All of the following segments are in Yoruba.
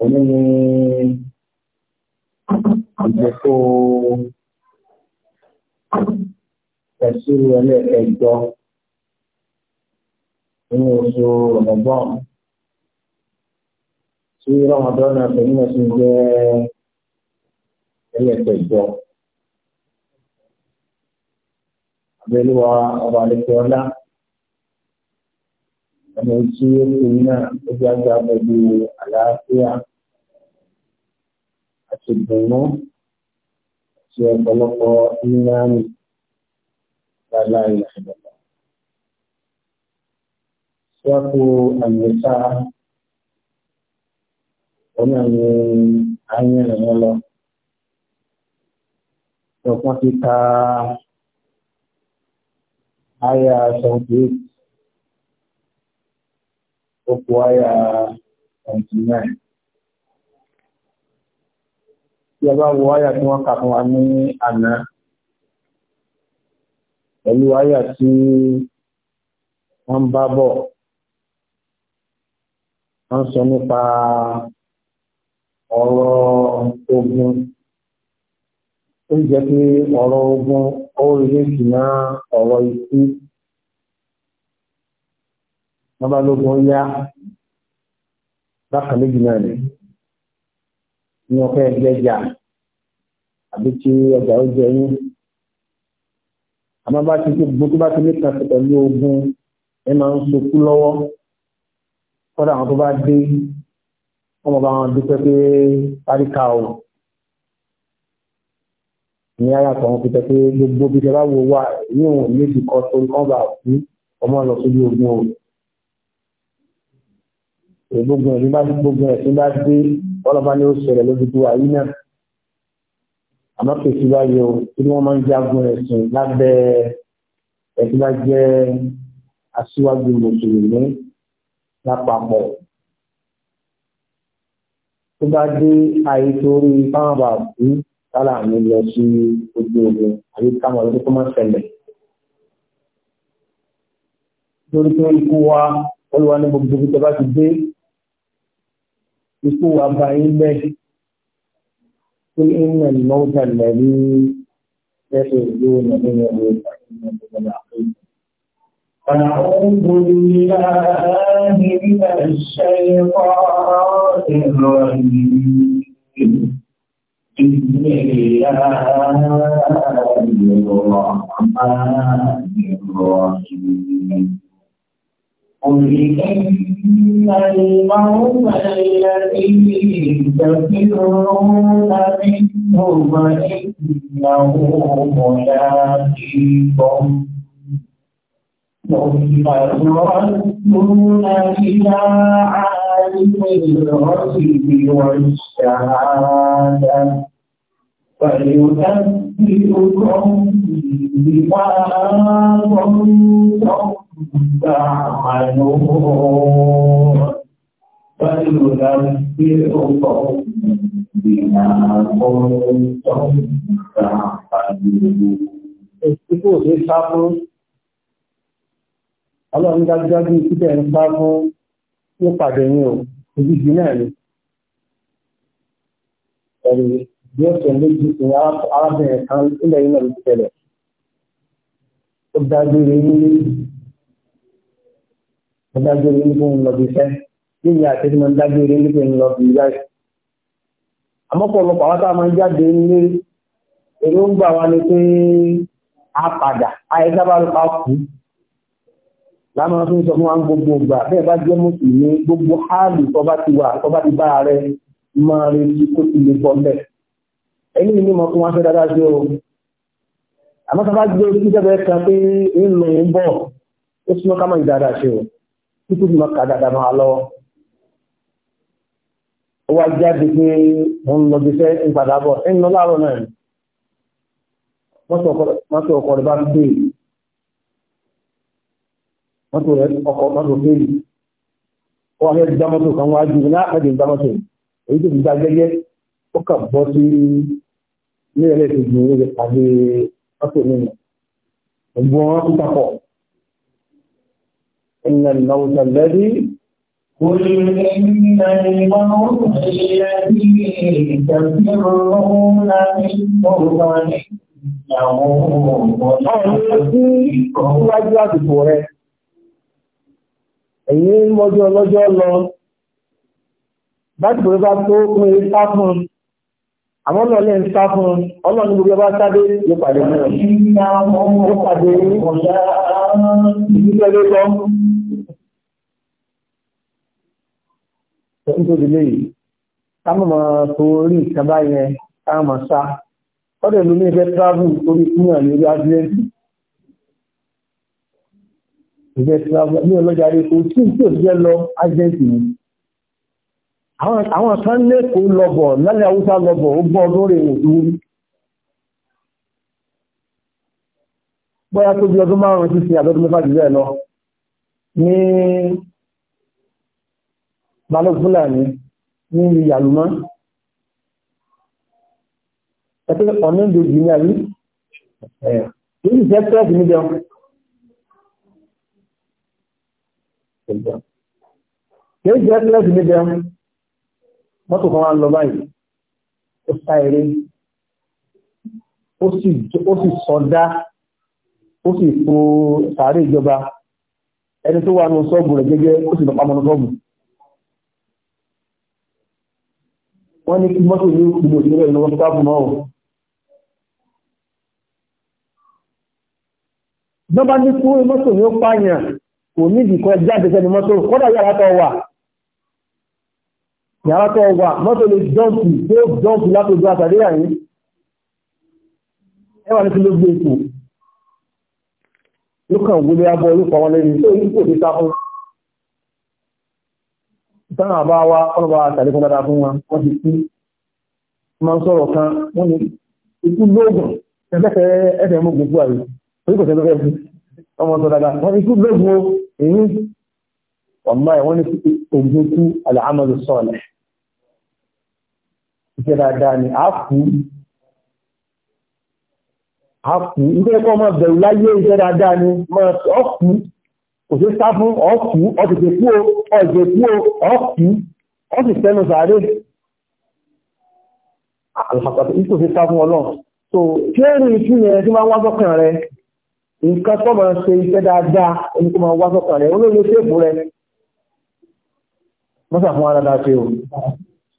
Òní ni ìjẹ́kó ẹ̀sùn ẹlẹ́ẹ̀ẹ́jọ nínú oṣù ọ̀gbọ́n tí Rọ́mọdọ́nà pẹ̀lú ẹ̀sùn jẹ́ ẹlẹ́ẹ̀ẹ́jọ. abẹ́lúwa ọba àlejò ọlá ẹni tí ó fi náà ó bí ajá pẹ̀lú àlàáfíà àti ìdùnnú àti ọ̀pọ̀lọpọ̀ ìnáàmì láláì ìṣẹ̀lẹ̀. Sọ́kù àmìta ọ̀nà ni ayẹ̀rẹ̀ wọn lọ. Ìjọba ti ta aya seventy eight ó kù aya seventy nine tí a bá wo aya tí wọ́n kà fún wa ní àná pẹ̀lú aya tí wọ́n ń bá bọ̀ wọ́n sọ nípa ogun ó jẹ́ pé ọ̀rọ̀ ogun ó rí sí náà ọ̀rọ̀ ikú wọ́n bá lógun yá bákan méjì náà ni ní ọ̀fẹ́ ẹgbẹ́jà àbí tí ọjà ó jẹ yín àmọ́ bá ti tó gbogbo tó bá ti ní kan sí pẹ̀lú ogun ẹ máa ń sokú lọ́wọ́ kọ́dà àwọn tó bá dé wọ́n bá wọn dúpẹ́ pé páríkà ọ̀hún ní ara kan fi tẹ́tẹ́ gbogbo bí tẹ́lá wo wà ní òun méjì kọ́ tó ń kọ́ ọmọ lọ sójú ogun o. gbogbo ẹ̀ nígbà gbogbo ẹ̀ bá dé ọlọ́ba ni ó ṣẹlẹ̀ lójú tó wáyé náà. àmọ́ kò sí wáyé o tí wọ́n máa ń jagun ẹ̀sìn lábẹ́ ẹ̀ tí bá jẹ́ aṣíwájú mùsùlùmí lápapọ̀ tó bá dé àyè torí fáwọn bàbá kára mi lọ sí ojú ogun àbí káwọn ọdún tó máa ṣẹlẹ̀. Lórí pé ikú wa, olúwa ní gbogbo ibi tó bá ti dé, ikú wa bá yín bẹ́ẹ̀. Kí ni ìmọ̀ ìmọ̀ọ́ta lẹ́rí lẹ́sẹ̀ ìlú ọ̀nà nínú ọ̀rọ̀ ìpàdé ìgbàlódé àpéjọ. أعوذ بالله من الشيطان الرجيم إني الرحمن الرحيم قل إن الموت الذي تفرون منه فإنه ملاقيكم ثم تردون إلى عالم الغيب والشهادة فينبئكم بما ń sá fún ní pàdé yìí ò, ìbí jù náà ni. Ẹ̀rù bí ọ̀sẹ̀ méjì ní arábìnrin kan ilẹ̀ yìí náà ló tẹ̀lẹ̀ ó dágbére ní ó dágbére ní kó ń lọ bí iṣẹ́ níyìn àti ẹni máa ń dágbére ní kó ń lọ bí iṣẹ́ àmọ́pọ̀lọpọ̀ àwọn táwọn máa ń jáde nílé èròǹgbà wa ni pé a padà àìsábà ló pa kú láwọn fi ń sọ fún wa gbogbo ìgbà bẹ́ẹ̀ bá jẹ́ mùsùlùmí gbogbo háàlù tó bá ti wà tó bá ẹni ní mọ̀ fún wọn fẹ́ dáadáa sí o àmọ́ sábà gbé ojú jẹ́bẹ̀ẹ́ kan pé ń lò ń bọ̀ ó súnmọ́ ká mọ̀ yìí dáadáa sí o títí mọ̀ ká dáadáa máa lọ. ó wá jáde pé mo ń lọ bí fẹ́ ń padà bọ̀ ń lọ láàárọ̀ náà ni mọ́tò ọkọ̀ rẹ̀ bá ń gbé mọ́tò rẹ̀ ọkọ̀ mọ́tò gbé ó wá fẹ́ gbá mọ́tò kan wájú ní àpẹẹrẹ ìgbà mọ́tò èyí tó fi gbá gẹ́gẹ́ ó kà bọ́ sí ní ẹlẹ́kejì ní ilé pàdé mọ́tò nínú ẹ̀gbọ́n wọn tún papọ̀ ẹ̀nà ìnáwùsà lẹ́rí Síwájú àsìkò rẹ̀, ẹ̀yìn mọ́jọ́ lọ́jọ́ lọ, bá ti pẹ̀lú bá tó pín ipá fún un, àwọn náà lè ń sá fún un ọlọ́run ní gbogbo bá sáré ló pàdé mú un ló pàdé ìdílé ló lọ. nítorí léyìí ká mọ̀ máa tó orí nǹkan báyẹn ká mọ̀ sá ọ̀dọ̀ ìlú ní ìfẹ́ tíráàbù orí fún àmì orí ádírẹ́sì. ìfẹ́ tíráàbù ní ọlọ́jà rẹ̀ kò tí ì tí ò jẹ́ lọ ádírẹ́sì yìí àwọn kan lẹ́kọ̀ọ́ lọ́bọ̀ lálẹ́ haúsá lọ́bọ̀ ó gbọ́ lórí òdúrí bọ́yá tó bí ọdún márùn-ún sí sí àdọ́dún mẹ́fà jùlọ lọ ní balófúlàní ní ìyàlùmọ́ ẹ̀tẹ́ ọ̀nà ìdòjì ní àrí èyí sí ẹ́pẹ́ẹ̀sì níbẹ̀ Kìí jẹ́ ẹ́pẹ́ẹ̀sì níbẹ̀ mọ́tò kan wá ń lọ báyìí ó sá eré ó sì sọdá ó sì fo sàárè ìjọba ẹni tó wà ní sọ́ọ̀bù rẹ̀ gẹ́gẹ́ ó sì lọ pamọ́ ní sọ́ọ̀bù wọ́n ní kí mọ́tò ní ìlú ìlú ìlú wọn sáàbù náà ìjọba ní kú mọ́tò ní ó pààyàn kò ní ìdíkọ́ jáde sẹ́ni mọ́tò kódà yàrá tó wà yàrá tó wà mọ́tò lè jọ́ǹkì tí ó jọ́ǹkì látòjú àtàríyà yìí ẹwà ní kí ló gbé ètò ló kàn wúlé abọ́ olúkọ wọn lẹ́yìn tó yí kò fi sá fún ìtàn àbá wa ọlọ́ba àtàríkún dáadáa fún wa wọ́n ti kú máa ń sọ̀rọ̀ kan wọ́n ní ikú lóògùn ẹgbẹ́fẹ́ ẹ̀fẹ̀ mú gbogbo àrí orí kò tẹ́lẹ̀ ọmọ sọ ní ikú lóògùn èyí ọ̀nà ẹ̀ wọ́n ní iṣẹ́ dáadáa ni a kú a kú nítorí kọ́ ọmọ bẹ̀rù láyé iṣẹ́ dáadáa ni mọ́ ọkù kò sí sá fún ọkù ọ̀tẹ̀tẹ̀ kú o ọ̀tẹ̀ kú o ọkù ọ̀tẹ̀ sẹ́nu sàárè àlàpàtà ìkò sí sá fún ọlọ́run so ṣé rí ikú yẹn tí máa ń wá sọ́kàn rẹ nǹkan tó máa ṣe iṣẹ́ dáadáa ẹni tó máa wá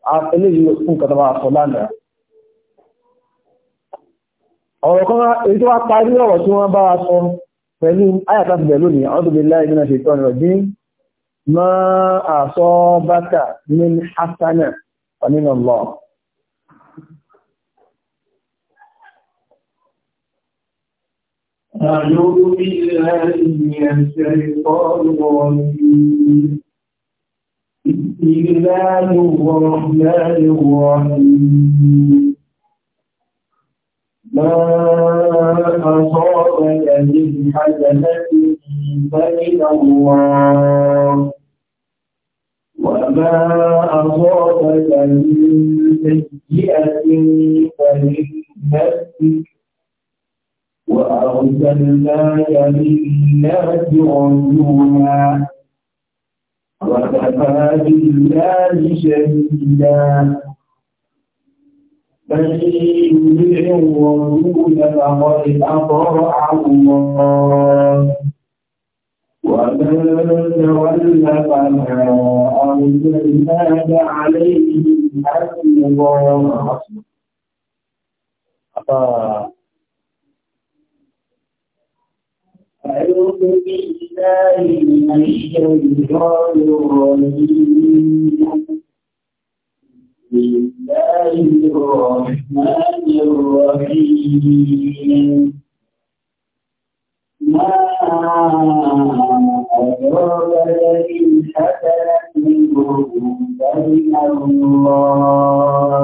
eléyìí fún kàtà máa sọ lánàá ọ̀rọ̀ kan èyí tó wá parí ọ̀rọ̀ tí wọ́n bá wa sọ pẹ̀lú ayàtà ti bẹ̀lú ní ọdún láì nínú ṣètò ọ̀rọ̀ bí ma a bákà ní hasana ọ̀nínà lọ أعوذ بالله من الشيطان الرجيم بسم الله الرحمن الرحيم ما أصابك من حسنة فمن الله وما أصابك من سيئة فمن نفسك وأرسلناك للناس رسولا وكفى بالله شهيدا من يطع الرسول فقد اطاع الله ومن تول فما ارسلناك عليهم حفظا أعوذ بالله بالله من الشيطان الرجيم بسم الله الرحمن الرحيم ما أدرك لئن حسنت منه فمن الله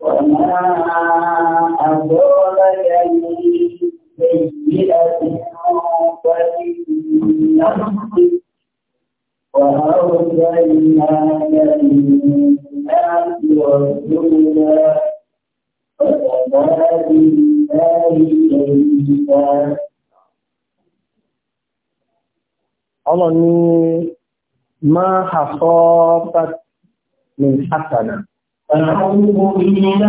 وما أدرك من سيئة وللنفس وأرسلنا للناس رسولا فكفى بالله شهيدا Allah ni máa àṣọ́ pàtàkì àtànà. Àrùn ìlà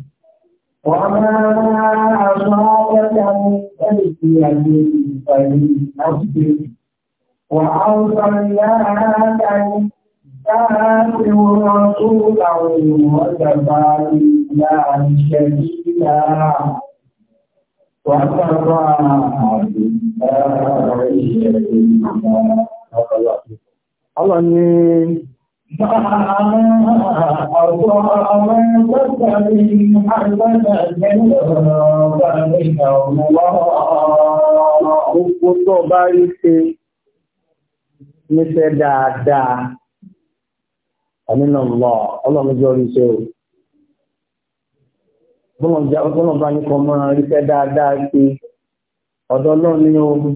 وما أصابك من سيئة فلنفسك وأرسلناك للناس رسولا وكفى بالله شهيدا وكفى بالله شهيدا الله Gbogbo tó bá rí ṣe níṣẹ́ dáadáa, àmìnà lọ, ọlọ́mọjọ́ rí ṣe o. Bọ́lọ̀ bá ní kọ mọ́ ríṣẹ́ dáadáa ṣe, ọ̀dọ́ náà ní ohun.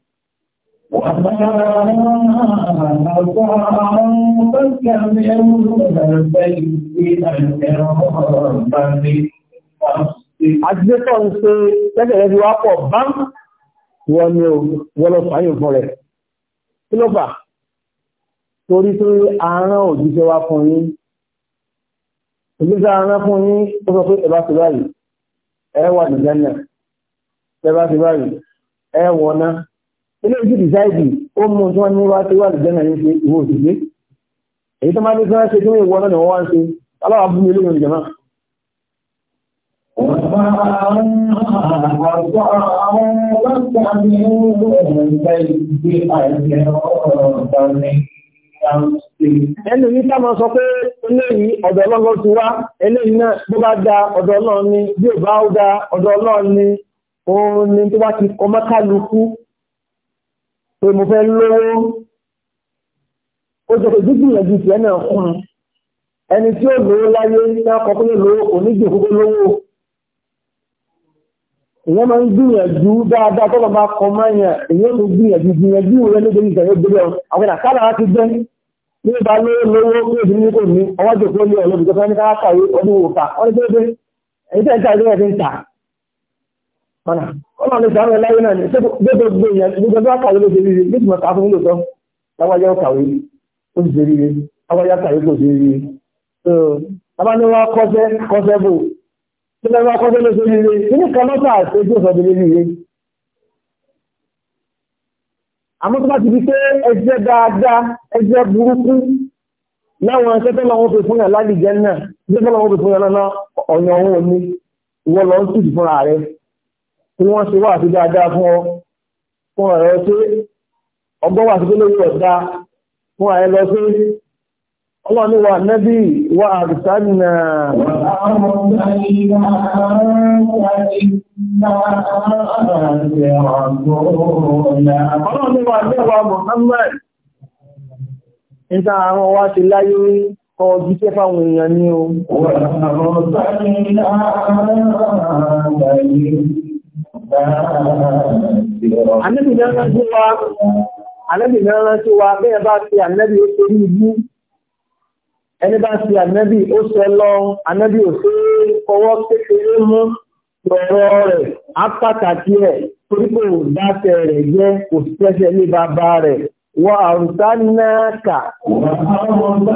وما أطاعك من البيت Àjíṣẹ́kọ́ ń ṣe lẹ́gbẹ̀rẹ́ bí wá pọ̀ bá wọn ni ó wọ́lọ́ fàáyìn fún rẹ̀. Kí ló bà? Torí tó àárán òjíṣẹ́ wá fún yín. Òjíṣẹ́ àárán fún yín ó sọ pé ẹbá ti báyìí, ẹwà nìjẹ́ náà, ẹbá ti báyìí, ẹwọ̀n náà ilé ìjú dìsáìdì ó mú tí wọ́n ní wá tí wà lè jẹ́nà ní ṣe ìwò òṣìṣẹ́ èyí tó máa ní sọ́rọ̀ ṣe tí wọ́n ìwọ náà wọ́n wá ń ṣe aláwà bú mi lóyún ìjọba ẹnu yìí ká máa sọ pé eléyìí ọ̀dọ̀ ọlọ́gọ́ ti wá eléyìí náà bó bá da ọ̀dọ̀ ọlọ́run ni bí ò bá ó da ọ̀dọ̀ ọlọ́run ni òun ni tó bá ti kọ mọ́kálukú pé mo fẹ́ lówó ó jẹ́ pé gbígbìyànjú tiẹ̀ náà kún ẹni tí ó lówó láyé náà kọ́ pé lówó kò ní gbèkókó lówó èèyàn máa ń gbìyànjú dáadáa tó bàbá kọ máyà èèyàn ló gbìyànjú gbìyànjú rẹ nítorí ìgbàyẹ gbélé ọ àwọn ìdá kára ti gbẹ ní ìbá lówó lówó kí èdè ní kò ní ọwọ́jọ́ kó lé ọ̀lọ́bì tó fẹ́ ní káàkiri ọdún òkà ọdún tó dé èyí mana ọlọ́run lè sàárẹ̀ láyé náà ní gbogbo èèyàn gbogbo bá kàwé ló ṣe rírí bí tìmọ̀ káfún ló sọ láwájá ó kàwé ó sì ṣe rírí láwájá kàwé kò ṣe rírí so bàbá ní wọn kọ́sẹ́ kọ́sẹ́ bò tí wọ́n bá kọ́sẹ́ ló ṣe rírí nínú kan lọ́sà àti ojú ìsọdún lé rírí. àmọ́ tó bá ti di pé ẹjẹ́ dáadáa ẹjẹ́ burúkú láwọn akẹ́kọ̀ọ́ làwọn fi fún yàn lálẹ́ ìjẹ́ náà tí wọ́n ṣe wà sí dáadáa fún ọ fún ọ̀rẹ́ ṣe ọgbọ́n wà sí tó ọ̀dá fún ààrẹ lọ sí ọlọ́ni wa nẹ́bí wa àrùsánà ọlọ́ni wa nẹ́wà Muhammad níta àwọn wá ti láyé ọdún tẹ́ fáwọn èèyàn ní o. Wọ́n àwọn ọ̀sán ní láàárín Ànábì náà rántí wa, ànábì náà rántí wa, bí ẹ bá fi ànábì ó ṣe ibú, ẹni bá fi ànábì ó ṣe lọ, ànábì ò ṣe fọwọ́ kékeré mú lọ́rọ̀ rẹ̀, á pàtàkì ẹ̀, torí dáṣẹ rẹ̀ jẹ́ kò tẹ́ṣẹ ní bàbá rẹ̀. Wọ́n àrùsá náà kà. Wọ́n àrùsá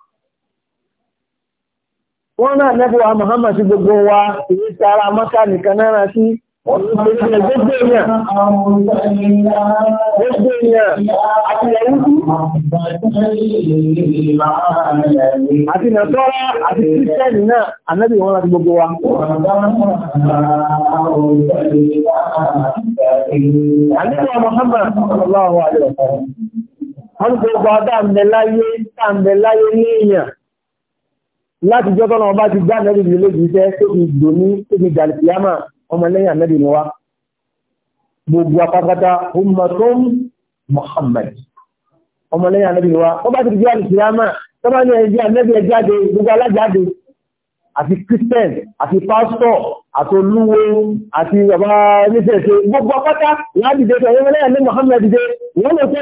wọ́n náà nẹ́bíwá Muhammad sí gbogbo wa ìwé ti ara mọ́ká nìkan náà sí gbogbo èèyàn gbogbo èèyàn àti ẹ̀wú àti nàtọ́rá àti kírísẹ́nì náà ànẹ́bí wọn láti gbogbo wa àníwá Muhammad sallallahu alaihi wasallam wọ́n gbogbo ọdá àmì láyé ní èèyàn láti jọ́ tọ́nà ọba ti gbá nẹ́bí ní lójú iṣẹ́ tó fi gbò ní tó fi gàlìkìyàmà ọmọlẹ́yìn ànẹ́bí ni wá gbogbo apapata ummatum Muhammad ọmọlẹ́yìn ànẹ́bí ni wá wọ́n bá ti gbé gàlìkìyàmà tọ́ba ní ẹ̀jẹ̀ ànẹ́bí ẹ̀jáde gbogbo alájáde àti Christian àti pastor àti olúwo àti bàbá oníṣẹ́ṣe gbogbo apáta ìyá dìde sọ ọmọlẹ́yìn ànẹ́bí Muhammad dìde ìyá lè fẹ́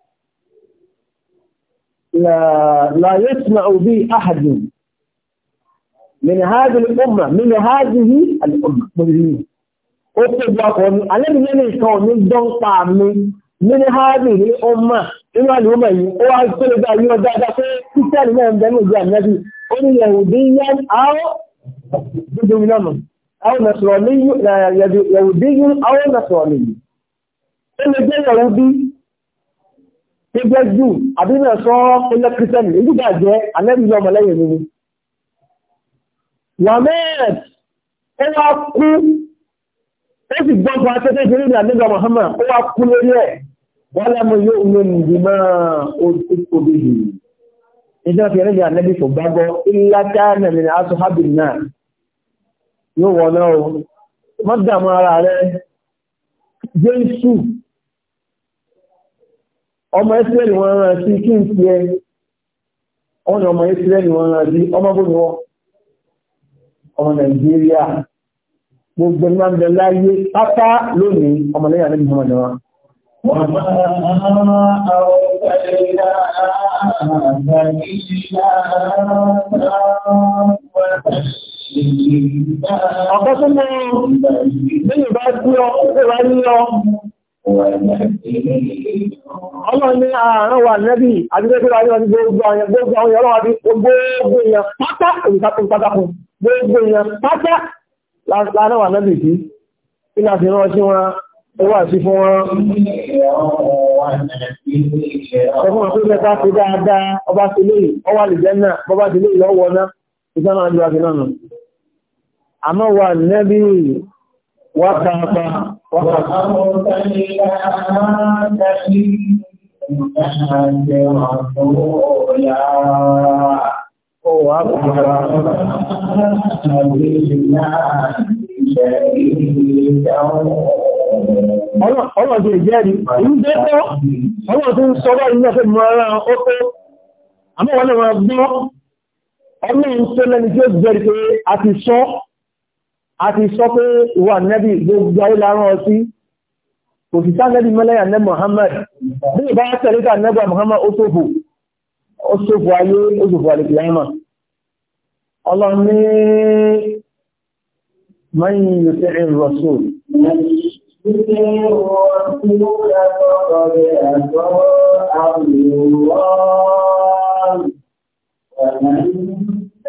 لا يسمع به أحد من هذه الأمة من هذه الأمة مجرمين أكتب لكم أنا من يكون من دون من هذه الأمة إما الأمة وأكتب بأي وزادة كتال ما يمدن وجاء النبي قل يهوديا أو بدونهم نمر أو نصراني يهودي أو نصراني إن جاء يهودي tó jẹ́ jù àbí náà sọ ó jẹ́ kírísítẹ́nì ìdúgbà jẹ́ alẹ́bí lọ́mọ lẹ́yìn mi ni. Lamed ó wá kú ó sì gbọ́n fún akẹ́kẹ́ ìṣẹ́lẹ̀ ní àdégbà Muhammad ó wá kú lórí ẹ̀ wọ́n lẹ́mu yóò ní ìgbìmọ̀ òbí yìí. Ìjọba fi ẹni ní àdébí kò gbàgbọ́ illa kana min ashabin nar yóò wọ̀ náà o. Mọ́tàmú ara rẹ̀ Jésù ọmọ Ísírẹ́lì wọn rán sí kí n ti ẹ ọ̀nà ọmọ Ísírẹ́lì wọn rán sí ọmọ bóni wọn ọmọ Nàìjíríà gbogbo ní máa ń bẹ láyé pátá lónìí ọmọlẹ́yìn àti ìmọ̀ ọ̀dọ́ wọn. Ọ̀pọ̀ tó mọ́ ní ìbá gbé ọ, ó wá ní ọ. Ọlọ́run ní àárán wà nẹ́bí, àdúgbẹ́gbẹ́ra ní ọdún gbogbo àwọn gbogbo àwọn ìyọ́lọ́wà bí gbogbo èèyàn pátá òrùsàkùn pátákùn gbogbo èèyàn pátá láàrín wà nẹ́bí tí kí láti rán sí wọn ẹwà sí fún wọn. Ẹfún ọ̀pẹ́ mẹ́ta ti dáadáa ọba ti lè ọwà lè jẹ́ náà bọ́bá ti lè lọ́wọ́ náà wákàtà wákàtà ó wà kúrò ọlọ́dún ìjẹ́rí inú dẹ́kọ́ ọlọ́dún sọ́rọ̀ inú ọ̀fẹ́ mọ́ ara ọkọ́ àmọ́ wọn lè wọ́n gbọ́ ọmọ ìṣẹ́lẹ̀ tí ó jẹ́rí pé a ti sọ́ a ti sọ pé ìwà nẹ́bí gbogbo ayé lárán ọ sí òṣìṣẹ́ nẹ́bí mẹ́lẹ́yà nẹ́ Muhammad bí ìbá tẹ̀lé ká nẹ́bà Muhammad ó ṣòfò ó ṣòfò ayé ó ṣòfò àlèkè yáìmọ̀ ọlọ́run ní mẹ́yìn yóò rasul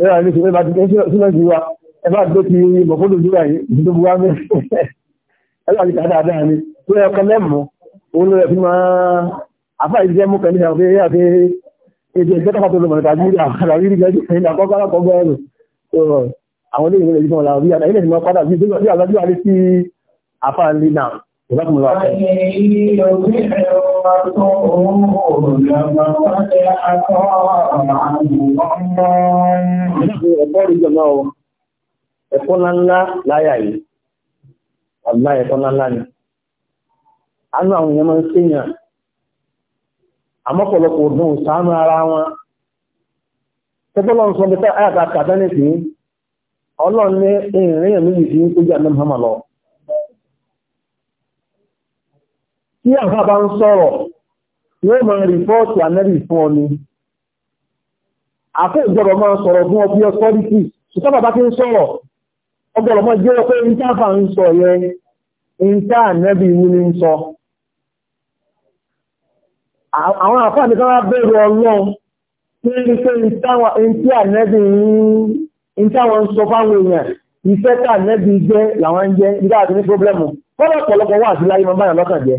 ẹ̀rọ àìní ṣe bá ti kẹ́ sílẹ̀ sí wa ẹ bá gbé ti mọ̀fóòdù síra yìí ní tó buwá mẹ́rin ẹ̀rọ àti kàdá ni tó yẹ ọkọ mẹ́mù òun ló yẹ fi máa àfà ìṣiṣẹ́ mú kẹ́lí àwọn ẹ̀yà pé ètò ìjẹ́ tó lọ mọ̀lẹ́ta bí àwọn ilé ìwé جزاكم الله خير Ẹ̀kọ́ ńláńlá láyà yìí, ọ̀lá ẹ̀kọ́ ńláńlá ni. A ní àwọn èèyàn máa ń ṣèyàn, àmọ́pọ̀lọpọ̀ òdún ìsànú ara wọn. Tẹ́bọ́lọ́ ń sọ bí tẹ́ àyàtà kàtánìsì, ọlọ́run ní ìrìnrìn méjì sí ń tó jẹ́ àmì tí àwọn bá ń sọ̀rọ̀ yóò máa rìpọ́ọ̀tì ànẹ́rì fún ọni àfẹ́ ìgbọ́dọ̀ máa sọ̀rọ̀ fún ọbí ọkọ̀lìtì ṣùgbọ́n bàbá tí ń sọ̀rọ̀ ọgbọ̀rọ̀ máa jẹ́ pé ní táàfà ń sọ yẹ ní táà ànẹ́bì ìwú ní ń sọ àwọn àfáà ní káwá bẹ̀rù ọlọ́run tí ń rí pé ní tí ànẹ́bì ń táwọn sọ fáwọn èèyàn ìfẹ́ táà ànẹ́bì jẹ́ làwọn ń jẹ́ nígbà àti ní pọ́blẹ́mù fọ́lọ́pọ̀lọpọ̀ wà sí láyé máa báyà lọ́kàn jẹ́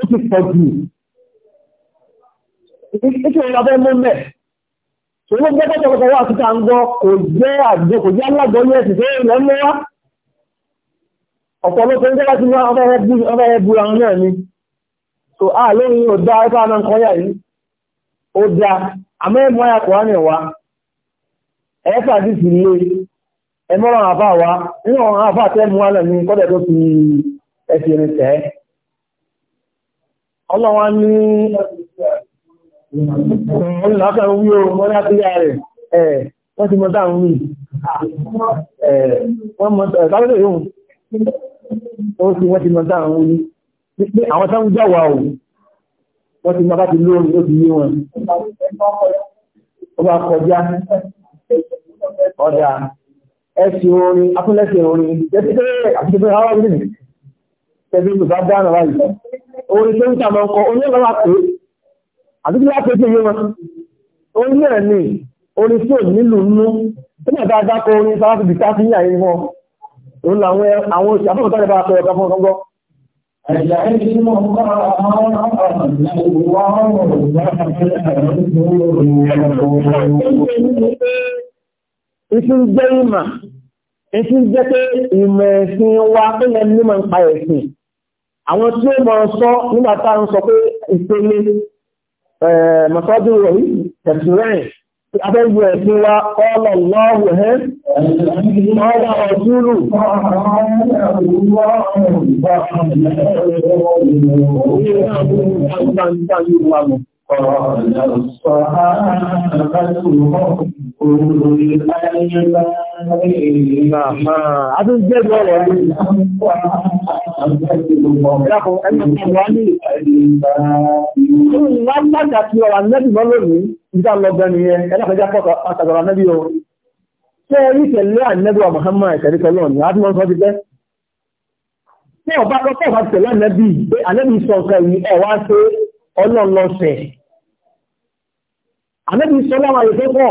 ó ti pọ̀ jù ìpínlẹ̀ ọ̀fẹ́ mú mẹ́ ṣòro gbẹ́gbẹ́ tọ̀pọ̀tọ̀ wà ọ̀pọ̀lọpọ̀ ń so a lóyìn dá náà kọ́ yà yìí ó dá àmọ́ ya kọ̀ wánì wá ẹ̀fà lé wá àwọn tẹ́ mú wá náà ni kọ́dẹ̀ tó fi ọlọ́wọ́ ní ọlọ́kẹ́ wí o wọ́n ní àtúnyà rẹ̀ ẹ̀ wọ́n ti mọ́ dáhùn wí wọ́n mọ́ tàbílẹ̀ yóò ó sì wọ́n ti mọ́ dáhùn wí pé àwọn sáwọn jáwà o wọ́n ti mọ́ bá ti ó ti yé wọn ó bá kọjá ọ̀dà ẹ̀sìn orin afúnlẹ̀sìn orin tẹ́tẹ́ orin tó ń tàbí ọkọ̀ onílọ́wà pé àdúgbò láti pé yé wọn orin náà ni orin tí ò nílò nú tó náà bá dákọ orin sáwá ti bìtá sí òun làwọn àwọn òṣìṣẹ́ afọ́kọ̀tọ́ bá pẹ̀lú ọ̀gá fún ọgọ́gọ́ ìmọ̀, ìfún pé ìmọ̀ ẹ̀sìn wa tó yẹ nímọ̀ ń pa ẹ̀sìn àwọn tí ó mọ̀ sọ nígbà tá à ń sọ pé ìpele eh, mọ̀sọ́dù rẹ̀ tẹ̀sùrẹ́yìn abẹ́gbù ẹ̀sìn wa kọ́lọ̀ lọ́wọ́ ẹ̀ ọ̀rọ̀ ọ̀túrù Ọ̀rọ̀ ìlàrùsọ̀ Adún jẹ́ bọ́ọ̀rọ̀ ní ìdákùn ẹni wà ní ìlú lágbàjá tí ọ̀rọ̀ nẹ́bì mọ́ lónìí, ìdá lọ́gbẹ́ ni ẹ, ẹlẹ́fẹ́já pọ̀ pàtàkì nẹ́bì o. Ṣé rí tẹ̀lé ànẹ́bì wa Mọ̀hánmà ìtẹ̀lẹ́kẹ́ lọ́nìí, á tí wọ́n sọ ti bẹ́? Ṣé ọba kọ́kọ́ bá tẹ̀lé ànẹ́bì, ànẹ́bì sọ nǹkan yìí ẹ̀wá ṣe ọlọ́ọ̀lọ́sẹ̀. Ànẹ́bì sọ láwọn àyẹ̀fẹ́ pọ̀.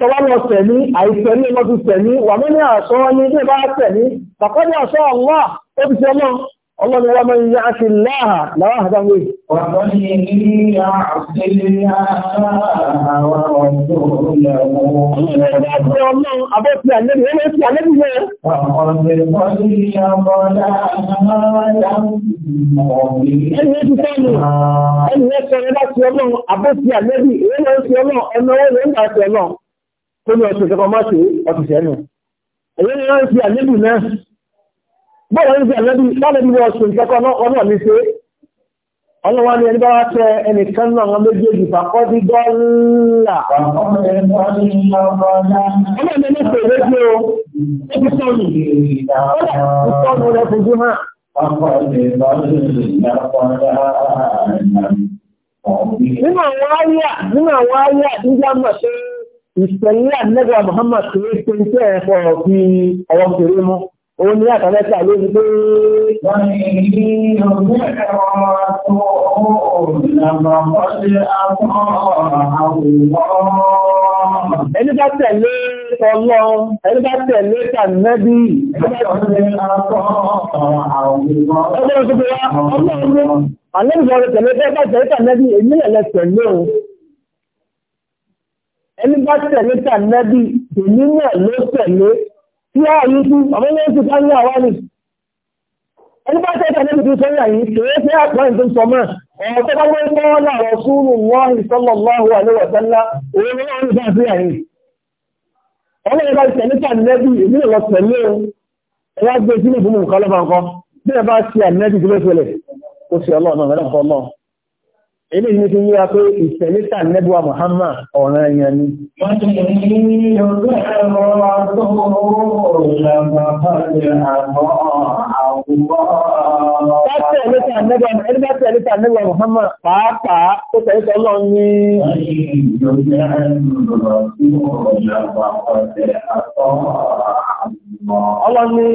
tọwọ́ lọ sẹ̀mí àìsẹ̀mí lọ fi sẹ̀mí wà mí ní àṣọ ní ilé bá sẹ̀mí bàkọ́ ní àṣọ ọ̀lá ó fi sẹ́mọ́ ọlọ́ni wọ́n mọ́ iye àti láàá láwọn àdáwé. Ẹni ti sẹ́nu, ẹni ẹ̀sọ̀rọ̀ láti ọlọ́run, àbókí àlẹ́bí, èyí ló ń fi ọlọ́run, ọmọ owó ló ń gbà sí ọlọ́run tó ní ọ̀sẹ̀ ìjọba máa ṣe ọ̀tùsẹ̀ ẹnu èyí ni wọ́n ń fi àlébù náà bọ́ọ̀lù ń fi àlébù lálẹ́ bí wọ́n ṣe ìjọba ọlọ́wà ní ṣe ọlọ́wà ní ẹni bá wá tẹ ẹnìkan náà wọn méjèèjì fàkọ́dí dọ́là ọlọ́ọ̀dẹ ní fèrè bí o ó ti sọnù ó sọnù rẹ fojú hàn. Nínú àwọn áyà, nínú àwọn áyà, nígbà mọ̀ ṣe ìṣẹ̀lẹ̀ àdínẹ́gbà Muhammad tó ń pè tẹ́ ẹ̀fọ́ fi ọwọ́ kéré mọ́ òun ní àtàlẹ́ta ló ń pé wọ́n ní ní ọdún ẹ̀rọ tó ọ̀nà ọ̀lẹ́ àwọn àwòrán. ẹni bá tẹ̀lé ọlọ́run ẹni bá tẹ̀lé tànẹ́bí ọlọ́run tó bá ọlọ́run ẹni bá tẹ̀lé tà nẹ́bí èmi náà ló tẹ̀lé tí a yìí tú ọmọ ilé ti ká ní àwa ni ẹni bá tẹ̀lé tà nẹ́bí tó sọ́yà yìí kéré sí àpọ̀ ìdó sọmọ́ ẹ̀rọ tó bá wọ́n tọ́ láwọn súnmù wọ́n ìsọ́lọ̀ lọ́wọ́ àlẹ́wọ̀ sẹ́lá òun ni wọ́n ń bá sí àyè ọmọ ìbá tẹ̀lé tà nẹ́bí èmi náà lọ tẹ̀lé o ẹ wá gbé sínú ìfúnmu nǹkan lọ́ba nǹkan bí ẹ bá ti ànẹ́bí tó lọ́sọ̀lẹ̀ kó sì ọlọ́ọ̀ náà ilé ìlú ti yíra pé ìṣẹ̀lẹ́sà nẹ́bùwà Muhammad ọ̀ràn èèyàn ni. wọ́n ti ní ọjọ́ ẹ̀rọ tó ìlànà Muhammad pàápàá tó tẹ̀lẹ́sà lọ ní. ìlànà Ọlọ́run ni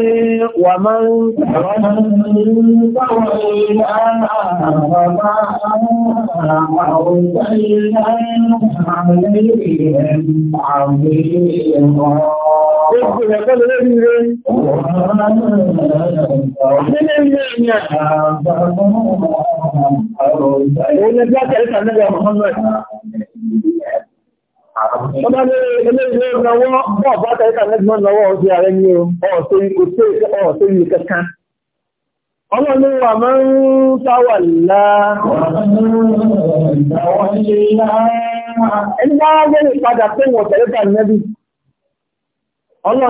wà máa ń Gbogbo ẹ̀kọ́ lórí ire. Nínú ilé ìyẹn. Òun ni bí á tẹ̀lé tàbí ọmọ ọmọ ẹ̀. Ọba ní ilé-ìwé ìrànwọ́ bọ́ ọ̀bá tẹ́ríkà mẹ́gbọ́n lọ́wọ́ ọdí ààrẹ ní ọ̀ọ̀tẹ́ ìlú kankan. Ọmọ ní wà máa ń sáwà láàá. Ẹni bá gbé ní padà pé wọ̀ tẹ́ríkà mẹ́bí. Ọlọ́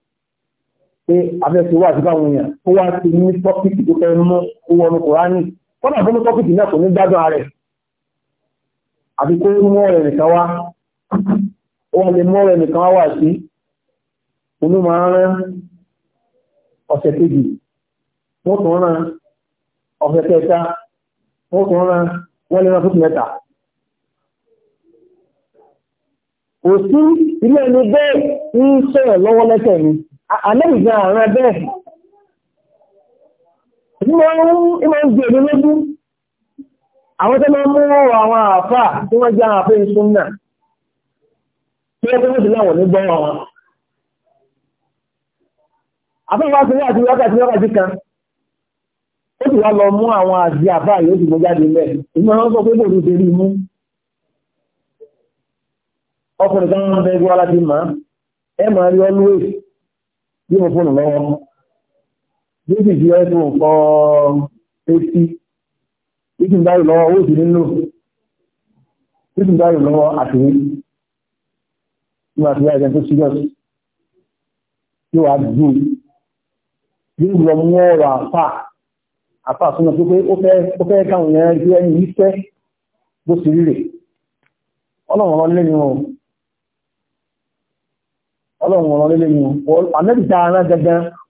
pé abẹ́sí wà sí báwọn èèyàn ó wá ti ní tọ́pìkì tó fẹ́ mú owó ọmọ kòránì kọ́nà fún tọ́pìkì náà kò ní gbádùn rẹ̀ àti kó mú ọ̀rẹ́ nìkan wá ó wà lè mú ọ̀rẹ́ nìkan wá sí inú máa ń rán ọ̀sẹ̀ kejì wọ́n tún rán ọ̀sẹ̀ kẹta wọ́n tún rán wọ́n lè rán fún mẹ́ta kò sí ilé ẹni bẹ́ẹ̀ ń sọ̀rọ̀ lọ́wọ́ lẹ́sẹ̀ ni àlẹ́gbẹ̀ẹ́ ààrẹ bẹ́ẹ̀ ìmọ̀ ń gbé èdè lójú àwọn tó máa mú àwọn àfà tí wọ́n já àfẹ́ ìṣún náà tí ó tó mú sí láwọn ní gbọ́n wọn àfẹ́wà sí ní àti wákàtí wákàtí kan ó sì wá lọ mú àwọn àti àfà yóò sì gbọ́jáde lẹ̀ ìmọ̀ ń sọ pé kò rúdé rí mú ọkùnrin kan ń bẹ gbọ́ láti máa ẹ máa rí ọlúwèsì bí mo fóònù lọ́wọ́ bí ó sì fi ẹnu ọ̀pọ̀ etí bí kí n dárò lọ́wọ́ ó sì nílò bí kí n dárò lọ́wọ́ àtìrí nígbà tí wáyé tó serious tí wàá dùn bí ń lọ mú ọ̀rọ̀ àfà àfà súnmọ́ tó pé ó fẹ́ káwọn èèyàn rí ẹni yìí fẹ́ bó sì rí rè ọlọ́run ọlọ́run lẹ́nu ọ̀hún ọlọ́run ọ̀rọ̀ lélẹ́yìn anẹ́bìta ara gẹ́gẹ́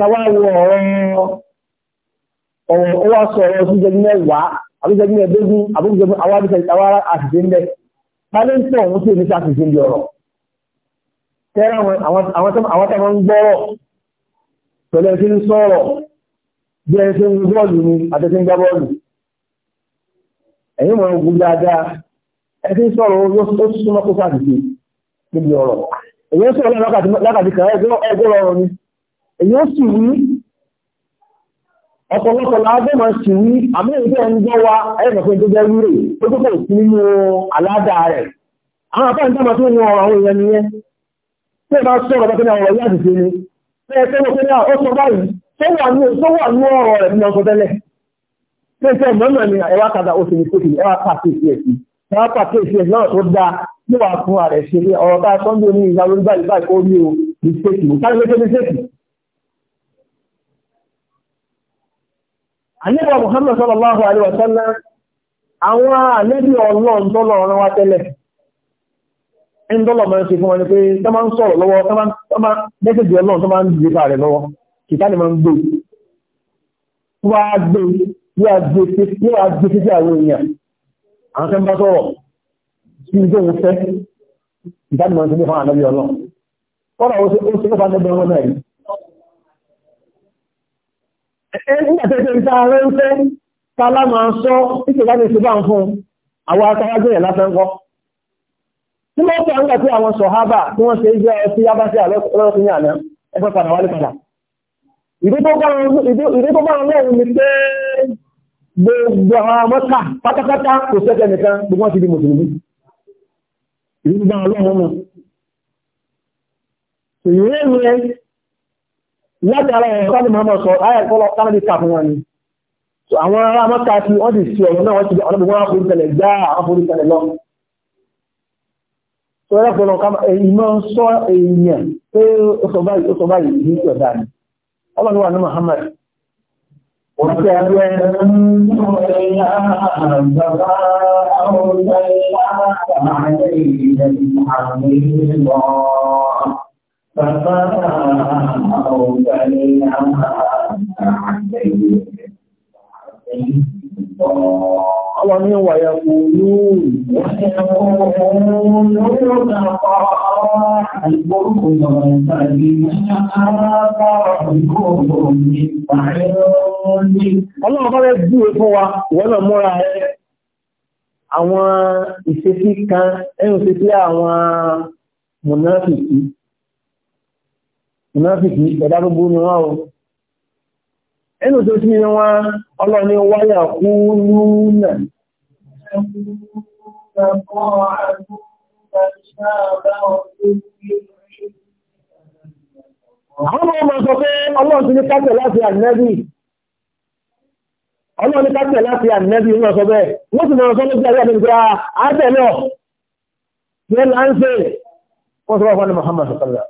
tàwáwọ̀ ọ̀rọ̀ ọwọ́ sọ ọ̀rọ̀ sí jẹ́gbẹ́ mẹ́wàá àbújẹ́gbẹ́ mẹ́ẹ̀dógún àbújẹ́gbẹ́ àwọn àṣìṣe ń bẹ́ pálẹ́ńtọ̀ ọ̀hún sí oníṣẹ́ àṣìṣe ń bí ọ̀rọ̀ tẹ́rà àwọn tọ́mọ ń gbọ́rọ̀ pẹ̀lú ẹ̀sí ń sọ̀rọ̀ bí ẹ̀sí ń bọ́ọ̀lù ni àtẹ́sí ń gbábọ́ọ̀lù ẹ̀yìn mọ̀ ogun dáadáa ẹ̀sí sọ̀rọ̀ ó súnmọ́ kó sáàtìsí níbi ọ̀rọ̀ èyí sọ̀rọ̀ lákàtí kan ẹgbẹ́ ọ̀rọ̀ ni èyí ó sì wí ọ̀pọ̀lọpọ̀ láàbẹ̀ máa sì wí àmì ìdí ẹ̀ ń gbọ́ wa ẹ̀rọ̀fẹ́ tó jẹ́ wúrè tó tó pọ̀ sí nínú àládà rẹ̀ àwọn àpáyìn tó máa tó yan àwọn èèyàn nìyẹn tí ẹ bá sọ̀rọ̀ bá tẹ́lẹ̀ ọ̀rọ̀ yáàdì sí ni tí ẹ tẹ́lẹ̀ pé ó sọ báyìí tó wà ní ọ̀rọ̀ rẹ̀ nínú ọkọ̀ tẹ́lẹ̀ tí ẹ tẹ́lẹ̀ mọ́mọ́ ni ẹwà kàdà ó sì ní kókì ẹwà pàkíyèsí ẹ̀sìn ẹwà pàkíyèsí ẹ̀sìn náà tó dáa yóò wà fún ààrẹ ṣe ọ̀rọ̀ bá sọ́ńdé ní ìyá lórí báyìí báyìí kó rí o ní ṣèkì Àníbọ̀ Muhammad sallallahu alaihi wa sallam, àwọn ànẹ́bí ọlọ́run tọ́lọ̀ ọ̀rọ̀ wá tẹ́lẹ̀. Ẹn tọ́lọ̀ máa ń ṣe fún wọn ni pé tó máa ń sọ̀rọ̀ lọ́wọ́, tó máa mẹ́sẹ̀jì ọlọ́run tó máa ń dìde fà rẹ̀ lọ́wọ́, kìtá ni máa ń gbé. Wọ́n á gbé, yóò nígbàtẹ́sẹ̀ ń ta ara ń fẹ́ tálá máa sọ ìṣẹ̀lá ní ìṣẹ́bá ń fún àwọn akáwájẹ̀yẹ̀ látẹ́kọ́ tí wọ́n fẹ́ nígbàtí àwọn sọ̀hábà tí wọ́n ṣe é jẹ́ sí yábásí alẹ́kọ̀ọ́lọ́sí ní àná ẹgbẹ́ padà wálé padà ìdí tó bá wọn lọ́rùn ni pé gbogbo àwọn mọ́ta pátápátá kò sẹ́kẹ̀ nìkan gbogbo wọn ti di mùsùlùmí ìdí tó bá wọn lọ́rùn náà láti ara ẹ̀rọ sáàlì máa sọ ayà ìfọ́lọ̀ sáàlì kà wọn ni àwọn ará mọ́ta tí wọ́n ti ọ̀rọ̀ náà wọ́n ti fún ìtẹ̀lẹ̀ gbá àwọn fún ìtẹ̀lẹ̀ lọ tó ìmọ̀ sọ èèyàn pé ó sọ báyìí ní ni Muhammad bàbá ni a máa kò lóòrùn. Wọ́n ti rán ọmọ lórí ọ̀nà àpá àìgbórúkọ ọ̀rọ̀ ìtàgé arábá ìgbò ọ̀rọ̀ ìpàrẹ ọ̀rọ̀ Ọlọ́run bá rẹ̀ júwe fún wa, wọ́n náà múra ìmọ́fìkì ẹ̀dá gbogbo ni wọ́n o ẹnu tó tí ni wọ́n ọlọ́ni wáyà kúrúnà àwọn ọmọ sọ pé ọlọ́run ti ní kátẹ̀ láti ànẹ́bì ọlọ́run ní kátẹ̀ láti ànẹ́bì wọ́n sọ bẹ́ẹ̀ wọ́n sì mọ̀ sọ́lọ́sí àríwá ní ìgbà àádẹ́ náà yẹ́ láńsẹ̀ wọ́n sọ wọ́n fọ́nà Muhammad sallallahu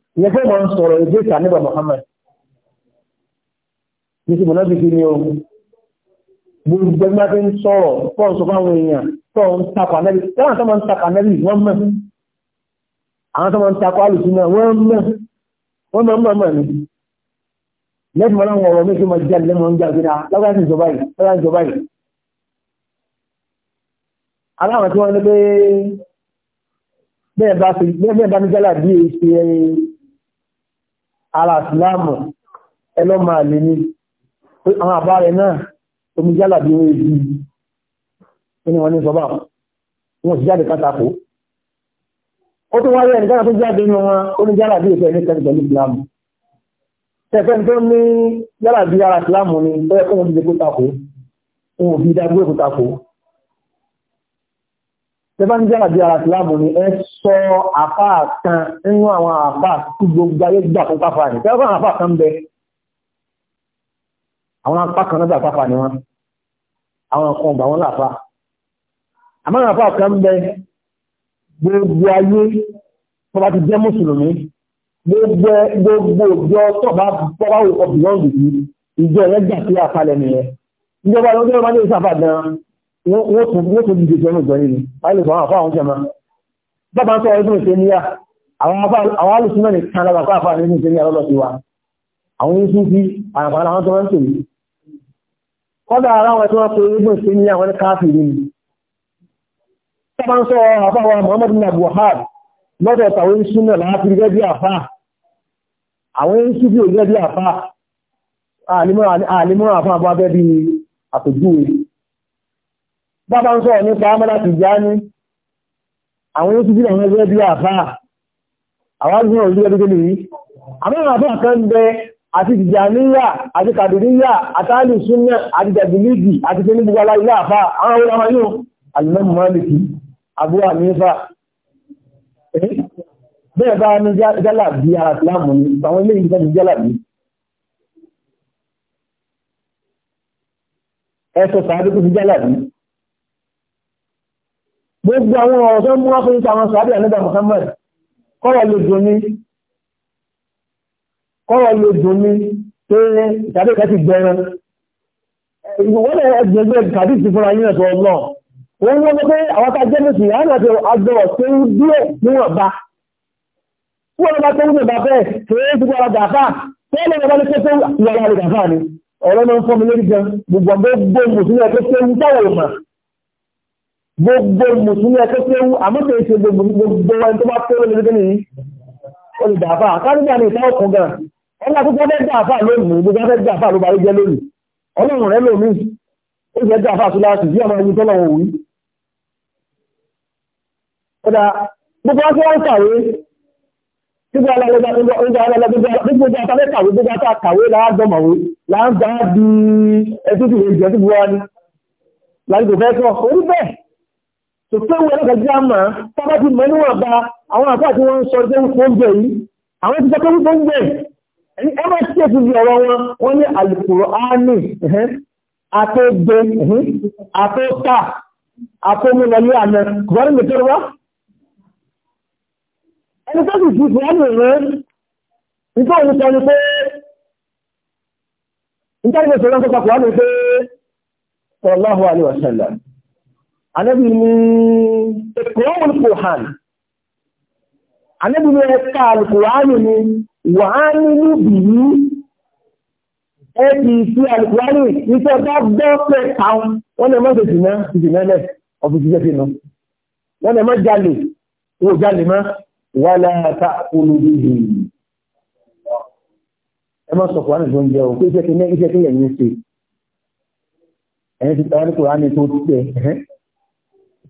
ìyẹn fẹ́ mọ́ ń sọ̀rọ̀ ìgbé ìsànlẹ̀bà Muhammad ní sí mọ̀lá fífi ní ohun gbogbo ẹgbẹ́ fi ń sọ̀rọ̀ fọ́n sọ fáwọn èèyàn tó ń takọ̀ anẹ́bì táwọn tó máa ń takọ̀ anẹ́bì wọ́n mọ̀ àwọn tó máa ń takọ̀ alùsùnà wọ́n mọ̀ wọ́n mọ̀ mọ̀ mọ̀ ni lẹ́tì mọ́ láwọn ọ̀rọ̀ méjì máa jáde lẹ́mọ̀ ń jáde náà lọ́gbàá sì jọba yìí lọ́gbàá sì jọba yìí aláwọn tí wọ́n ní pé bẹ́ẹ̀ bá ní jálà bí èsì ẹ̀yìn ara ìsìláàmù ẹlọ́mà lè ní pé àwọn àbáre náà omi jálà bí wọ́n èdè inú wọn ní sọ́bà wọ́n sì jáde kátàkó ó tó wáyé ẹni jára tó jáde inú wọn ó ní jálà bí ètò ẹni kẹta pẹ̀lú ìsìláàmù tẹ̀fẹ́ tó ní jálà bí ara ìsìláàmù ni ó yẹ kó wọn dìde kó wọn ò fi dágbé kó takò tẹ̀fẹ́ ní jálà bí ara ìsìláàmù ni ẹ̀ sọ àfáà kan nínú àwọn àfáà tí gbogbo ayé gbà fún pápá rẹ̀ tẹ́lẹ̀ fún àfáà kan bẹ àwọn apá kan náà pápá ni wọn àwọn kan ọgbà wọn láfa àmọ́ àwọn àfáà kan bẹ gbogbo ayé tó bá ti jẹ́ mùsùlùmí gbogbo ìjọ tó bá bọ́wá òkọ̀ bìlọ́ǹdì yìí ìjọ yẹn gbà sí àfàlẹ̀ nìyẹn ìjọba lọ́jọ́ ìwọ́n máa ní ìsàfà gan-an wọ́n tún dìde jẹ́ ọmọ ìjọ yìí ni wọ́n lè sọ àwọn àfáà wọn jẹ́ máa bọ́bá sọ ọdún ìsẹ́míyà àwọn alùsùn náà nìkan lára fáfà nínú ìsẹ́míyà lọ́lọ́ sí wa àwọn yìí sún sí àràpàá àwọn tó wọ́n tò yìí kọ́dà ara wọn tí wọ́n pe ibùn ìsẹ́míyà wọn káàfìrí ni bọ́bá sọ àfáwà Muhammadu nabu wahab lọ́dọ̀ tàwọn yìí sún náà láti rí gẹ́gẹ́ bí àfá àwọn yìí sún bí ò gẹ́gẹ́ bí àfá àlímọ́ àfá bá bẹ́ bí àpèjúwe bọ́bá sọ nípa amọ́lá ti já àwọn yóò ti bí àwọn ẹgbẹ́ bí àfá àwọn agbóhàn orí ẹgbẹ́ nìyí àmọ́ràn àfá kan bẹ àti tìjàníyà àti kàdìríyà àtàlù súnmọ́ àti jàdìlígì àti tó ní gbogbo aláìlá àfá àwọn orí àwọn yóò alìmọ́mù málìkì Abu Hanifa bẹ́ẹ̀ bá ní jálàbí ara gbogbo àwọn ọ̀rọ̀ tó mú ápùn àwọn sàábì àníbà Muhammad kọ́rọ̀ lè dùn ní kọ́rọ̀ lè dùn ní tó rẹ̀ ìtàbí kẹ́ ti gbẹ̀rẹ̀ ìwọ́n lè ẹgbẹ̀gbẹ̀ tàbí ti fúnra yìí ẹ̀tọ́ ọlọ́ wọ́n wọ́n pé àwọn tá jẹ́ mẹ́sì àwọn àti agbọ̀rọ̀ tó ń díẹ̀ níwọ̀n bá wọ́n bá tó ń bá bẹ́ẹ̀ tó ń ti gbọ́ra gàfà tó lè bá lè tó ìyàrá rẹ̀ gàfà ni ọ̀rọ̀ náà ń fọ́ mi lórí gbogbo mùsùlùmí ẹ̀kọ́ tí ó wú àmọ́bẹ̀ ìṣe gbogbo ẹni tó bá fẹ́rẹ̀ lórí gẹ́gẹ́ ní olùdàfà kárígbà ní ìta ọkùn gan ọlá púpọ̀ fẹ́ dàfà lónìí gbogbo fẹ́ dàfà ló barí jẹ́ lónìí ọlọ́run rẹ lómi ó fẹ́ dàfà tó láti bí ọmọ ẹni tọ́lọ̀ wù kódà gbogbo wọn tí wọ́n kàwé gbogbo alágbègbè kàwé gbogbo àtàkàwé láàgbọ̀mọ̀wé láàgbà bí ẹtútù ìjọ tó pé wọ́n lọ́gbà jẹ́ àmà tọ́bá ti mọ̀ níwọ̀n bá àwọn àfáà tí wọ́n ń sọ pé oúnjẹ yìí àwọn ti sọ pé oúnjẹ ẹ máa tí èsì bí ọ̀rọ̀ wọn wọ́n ní Al-Qur'ani àtẹ́gbẹ́ àtẹ́ta àtẹ́múlọlé àmì kùbárì mẹ́tẹ́rọ wá ẹni tó sì fi kùbárì rẹ̀ nípa òun sọ ni pé nítorí pé sọ̀rọ̀ ń sọ pàkùbárì pé sallallahu alaihi wasallam Ànábì ní ìkùnrin Kùhán. Ànábì ní ẹ̀ka alùkùránì ni wà á nínú bìí. Ẹ ti fi alùkùránì iṣẹ́ bá gbọ́ pé káwọn. Wọ́n lè mọ́tò jìnà jìnà lẹ̀ ọ̀fíìsì jẹ́ fi nù. Wọ́n lè mọ́ jalè, owó jalè mọ́, wà láta olùdíje. Ẹ má sọ Kùránì tó ń jẹ o, iṣẹ́ kí ní iṣẹ́ kí yẹn ṣe. Ẹ̀yẹ́ ti tẹ̀wá ní tó ti tẹ̀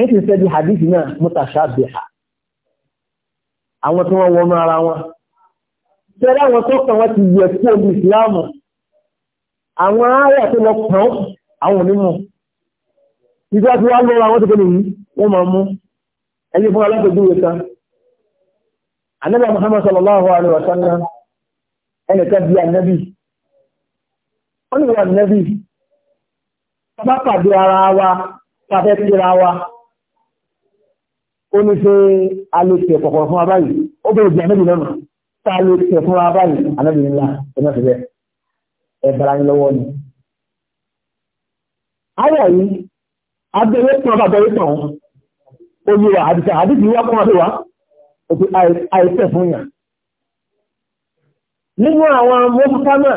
ẹ́ ti sẹ́bi hadithi náà mutashabiha àwọn tí wọ́n wọ́n ara wọn tẹ́lẹ̀ àwọn tó wọ́n ti yẹ kú omi islamu àwọn ará tó lọ kàn àwọn onímọ̀ ìgbà wọ́n lọ́ra àwọn tó kọ́ wọ́n máa mú ẹni fún alágbègbè rẹ̀ pàdé ara wa ó ní ṣe alóòtẹ̀ kọ̀kọ̀rọ̀ fún abáyì ó bẹ̀rẹ̀ jẹ́ anábì lọ́nà tá a lóò tẹ̀ fún abáyì anábì ńlá ẹ̀mọ́ fi bẹ́ẹ̀ ẹ̀ bára ní lọ́wọ́ ni. ayọ̀ yìí abẹ́rẹ́ tán abẹ́rẹ́ tán olùwà àdìsá àdìsí wá kún abẹ́wà òkè àìsẹ̀ fún yàn. nínú àwọn mọ́fúkámà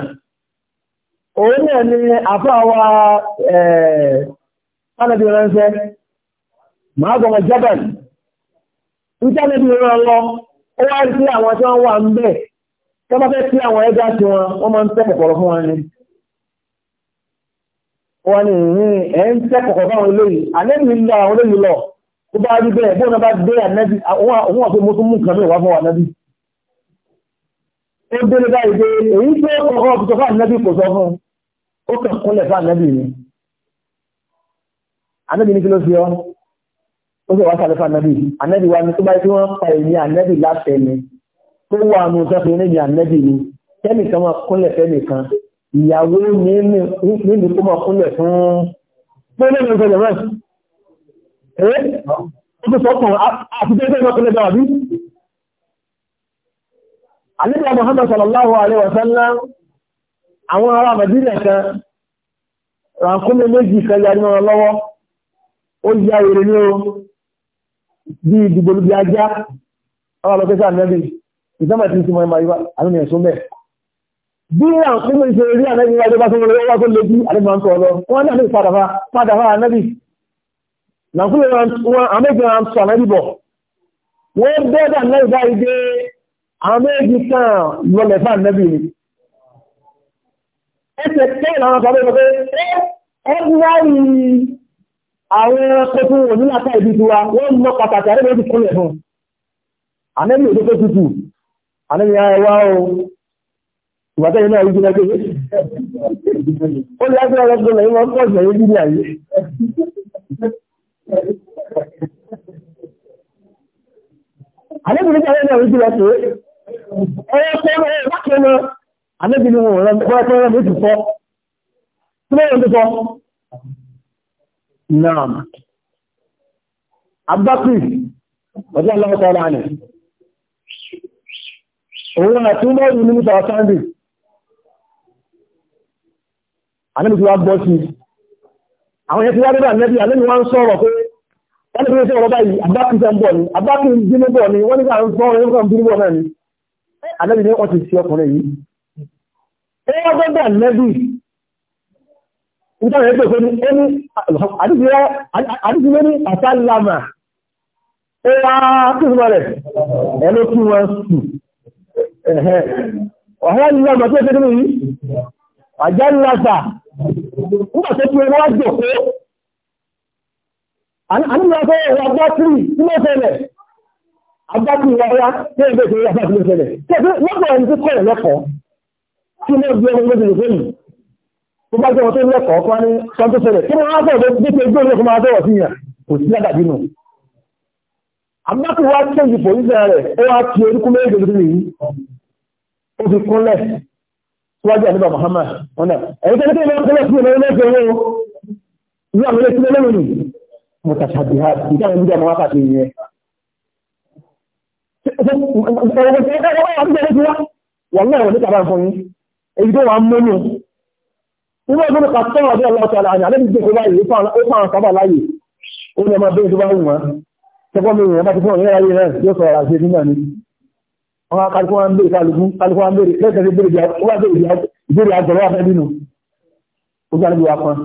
òun náà ni àfáàwà ẹ̀ẹ́dẹ́gbẹ̀rẹ́ ń fẹ́ màá gbọ́mọ ìtẹ́lẹ̀bí rán lọ ó wá rí sí àwọn tí wọ́n wà ń bẹ̀ tó bá fẹ́ sí àwọn ẹgbẹ́ àti wọn wọ́n máa ń tẹ́ kọ̀kọ̀rọ̀ fún wọn ni wọ́n ni ìhìn ẹ̀ ń tẹ́ kọ̀kọ̀rọ̀ fáwọn olóyìí àlẹ́bí ń lọ àwọn olóyìí lọ tó bá rí bẹ́ẹ̀ bóun bá dé ànẹ́bí òun àti mo tún mú nǹkan mìíràn wá fún ànẹ́bí ó délé báyìí pé èyí tó kọ̀kọ̀rọ̀ tó fún ànẹ́bí kò sọ fún ó kàn kúnlẹ̀ fún ànẹ́bí ni ànẹ́bí ní kí ló fi ọ́ ó sì wá sàlẹ̀ fún ànábì ànábì wa ni tó bá yẹ kí wọ́n pa èmi ànábì láṣẹ ni tó wà nù sọ́fún níbi ànábì ni kẹ́nìkan máa kúnlẹ̀ fẹ́nìkan ìyàwó nínú kó máa kúnlẹ̀ fún pẹ́lẹ́ ní ìṣẹ̀lẹ̀ rẹ̀ ẹ́ ó tó sọ́kàn àti tẹ́lẹ̀ náà kúnlẹ̀ dáwà bí àlébà Muhammad sallallahu alaihi wa sallam àwọn ará Madina kan ràǹkúnlẹ̀ méjì kan yarí wọn lọ́wọ́ ó yá èrè ní o bí ìdìgbòlùbí ajá àwọn alọ́kẹ́sà nẹ́bí ìdámà tí ti mọ ẹmà yíwá àwọn ènìyàn sún bẹ́ẹ̀ bí àwọn tí mo ṣe rí ànẹ́bí wá tó bá tó lọ́wọ́ tó lè bí àdébà ń tọ̀ lọ wọ́n náà lè padà fa padà fa ànẹ́bí nàkúlẹ̀ wọn àmẹ́jọ à ń sọ ànẹ́bí bọ̀ wọ́n bẹ́ẹ̀dà ànẹ́bí báyìí dé àmẹ́jì kan lọlẹ̀ fa ànẹ́bí ni ẹsẹ̀ kẹ́ẹ̀ làwọn kan bẹ́ẹ̀ àwọn ẹranko fún òní láta ìbí ti wa wọ́n mọ́ pàtàkì àrẹ́bẹ̀ ti kúnlẹ̀ fún anẹ́bí òdó tó tutù anẹ́bí ẹwà o ìbátẹ́ iná orí jẹ́ pé ó lè ágbẹ́ ọ̀rọ̀ gbọ́nà ìwọ̀n pọ̀ jẹ́ orí ní ayé anẹ́bí nígbà ẹ̀rọ orí jẹ́ pé ẹ̀rọ pẹ́rọ lákẹ́lọ anẹ́bí ni wọ́n rẹ̀ pẹ́rọ méjì fọ́ Naam. Abubakar ọjọ́ aláwọ̀ta ọ̀rọ̀ ànì. Òun àti mọ́rin ní mítà Sándì. Àníbi tí wá gbọ́ sí. Àwọn yẹn ti wá rẹ́bà nẹ́bí, àníbi wá ń sọ̀rọ̀ pé wọ́n ní pé ọ̀rọ̀ báyìí, Abubakar jẹ́ ń bọ̀ ni, Abubakar bínú bọ̀ ni, wọ́n ní ká ń sọ̀rọ̀ yóò kàn bínú bọ̀ náà ni. Àníbi ni wọ́n ti ṣe ọkùnrin yìí. Ẹ nítorí ẹgbẹ́ pé ní ẹni àdíjúwé ní àtàlámà ó wá kìsìmọ̀ rẹ̀ ẹló kí wọ́n sù ẹ̀hẹ́ ọ̀hẹ́ lámà tó ṣe nínú yìí àjá ńláta nígbà tó fi wọ́n jò pé àníbìyàn pé ẹ̀rọ agbátìrì tí ló ṣẹlẹ̀ agbátìrì wáyá tí ẹgbẹ́ ìṣẹ́lẹ̀ agbátìrì ló ṣẹlẹ̀ tó bá jẹ́ wọn tó lẹ́kọ̀ọ́ kan ní sọ́ńtò sẹlẹ̀ tí wọ́n á sọ̀rọ̀ tó dípé gbé olókùn máa sọ̀rọ̀ sí yẹn kò sí lẹ́dà bínú àbúkù wá tẹ̀sí pòlíṣẹ́ rẹ̀ ó wá ti orúkú méjì lórí yìí ó fi kúnlẹ̀ síwájú àdúgbà Muhammad ọ̀nà ẹ̀yìn tẹ́lẹ̀ tẹ́lẹ̀ tẹ́lẹ̀ sí ọmọ ilé ìfẹ́ wọn ní àwọn ilé ìfẹ́ lẹ́nu nínú ọdún ní kàtọ́ ọdún ọlọ́ọ̀tọ́ aláàrin alẹ́bí gbogbo láyé ó fáwọn sábà láyé ó ní ọmọ bẹ́ẹ̀ tó bá wù wọ́n tẹ́kọ́ mi ìrìn bá ti fún ọ̀rẹ́ ayé rẹ̀ yóò sọ ọ̀rọ̀ àti nígbà ní ọmọ kálukú wọn bèèrè kálukú kálukú wọn bèèrè lẹ́sẹ̀ sí bèèrè ìbéèrè àjọrọ̀ afẹ́ nínú ojú àlejò wa kan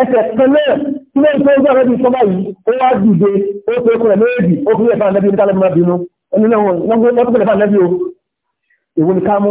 ẹsẹ̀ kan náà tí wọ́n tó ojú àlejò sọ́bà yìí ó wá dìde ó fi okùn rẹ̀ méjì ó fi lẹ́fà nẹ́bí ní kálẹ̀ mọ́ bínú ẹni náà wọ́n tó lẹ́fà nẹ́bí o èwo ni ká mú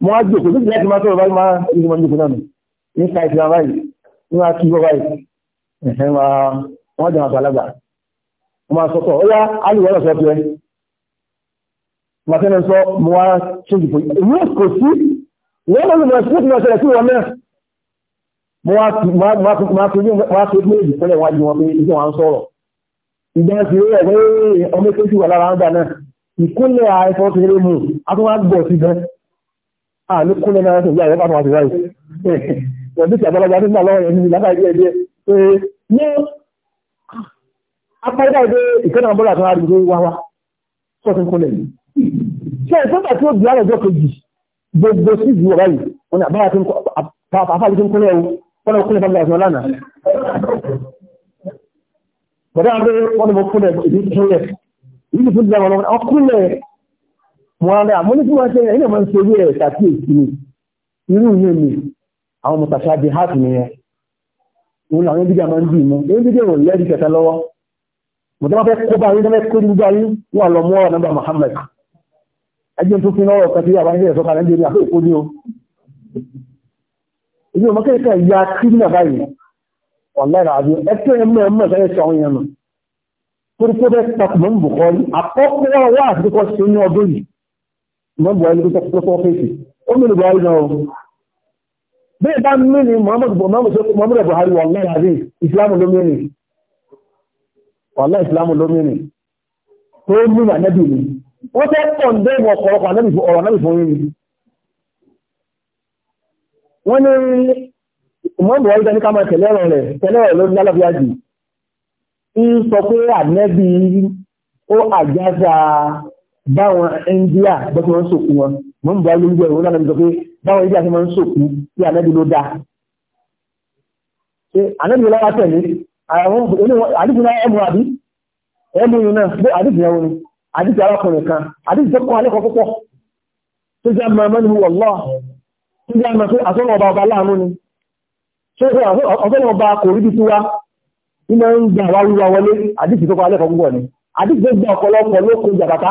mo wá jòkó tó ti láti máa sọ̀rọ̀ báyìí máa ń gbọ́n jòkó náà ní sáìtì náà báyìí ní wọ́n á kí bọ́bá yìí ẹ̀hẹ́n wa wọ́n jẹ́ àgbàlagbà wọ́n máa sọ́kọ̀ ó yá alùwọ́ lọ́sọ̀ fi ẹ́ màtẹ́nà sọ mo wá ṣéjì pé èmi kò sí wọ́n lọ́nà lọ sí ìpínlẹ̀ ọ̀sẹ̀ sí wọn náà mo wá fi ní wá fi pé ìpínlẹ̀ wájú wọn pé iṣẹ́ wọn sọ̀rọ̀ ìgbọ́n ti rí ẹ̀gbẹ́ ọmọ ìpínlẹ̀ wà lára ń gbà náà ìkúnlẹ̀ àìfọ́ ti rí mu a tún wá àní náà ṣe ìyá rẹ̀ sí ráì wọ́n bí ìjàgbọ́lọ́gbà nígbà lọ́wọ́ yẹn ní lákàá ìdíẹ̀ díẹ̀ pé ní apáyídá ìdé ìkẹ́nà bọ́lá kan àdúgbò wá wá sọ́tún yìí ṣe ìfẹ́fà tí ó di àrẹ̀ kejì gbogbo sí ìlú ọ̀rá wọn àbára tí àfáàlì tí ń kúnlẹ̀ ẹ̀wọ̀ kúnlẹ̀ fábílà ìfún ọlánà bọ̀dá àbẹ́ wọn ni mo kúnlẹ̀ ìdí kúnlẹ̀ ìdí kúnlẹ̀ wọ́n rẹ̀ àmúlé tí wọ́n ṣe rẹ̀ ìlẹ̀mọ́ ṣe orí ẹ̀ ṣàkíyèsí ni irú ilé mi àwọn mọ̀tàṣà di hát nìyẹn òun làwọn ẹbí máa ń dì mú ẹbí bí èrò lẹ́ẹ̀dì kẹta lọ́wọ́ mọ̀tàṣà fẹ́ kó bá yín tẹ́lẹ̀ kó ní gbá yín wà lọ mú ọ̀rọ̀ nígbà Muhammad ẹjẹ́ tó fi lọ́rọ̀ kan tí yàrá ń sọ́kà lẹ́ndé ní àkókò ní o èmi ò mọ̀ kẹ́kẹ́ ya kírímà báyìí wàláì àbí ẹkẹ́ ẹmọ ẹmọ ìfẹ́ sọ àwọn èèyàn nù torí pé bẹ́ẹ̀ takùmọ̀ ń bùkọ́ àkọ́kọ́ wà àfikọ́ sí ní ọdún yìí ìmọ̀n buhari ló tọ́ fọ́ fèsì ó mìnì buhari náà bẹ́ẹ̀ bá mìnì muhammadu buhari wà láì àrí ìsìlámù ló mìnì wà láì ìsìlámù ló mìnì tó mìnì ànẹ́bì ni wọ́n tẹ́ kọ̀ǹdé ìwọ̀ ọ̀pọ̀lọpọ̀ ànẹ́bì fún ọ̀rọ̀ ànẹ́bì fún yìí wọ́n ní ìmọ̀n buhari tẹ́ ní ká máa tẹ̀lé ọ̀rọ̀ rẹ̀ tẹ̀lé ọ̀rọ̀ lórí lálàbíyá báwọn india bó ti wọ́n sòkú wọn mọ́ ń bá ayé ìjọ ìwọ́n náà báwọn india ti máa ń sòkú tí ànábì ló dáa ṣe ànábì ló lọ́wọ́ tẹ̀lé àwọn àdìsí náà ẹ̀mú àbí ẹ̀mú yìí náà bó àdìsí yẹn wọn ni àdìsí arákùnrin kan àdìsí tó kọ́ alẹ́ kan púpọ̀ tó jẹ́ àmọ́ ẹ̀mọ́ ni wọ̀ lọ́ tó jẹ́ àmọ́ pé àsọ́nà ọba ọba láàánú ni ṣé ọ̀sọ́nà ọba kò rí bí tiwa nínú ń gbà wá wíwá wọlé àdìsí tó kọ́ alẹ́ púpọ̀ ni àdìsí tó gbà ọ̀pọ̀lọpọ̀ ló jàbàtà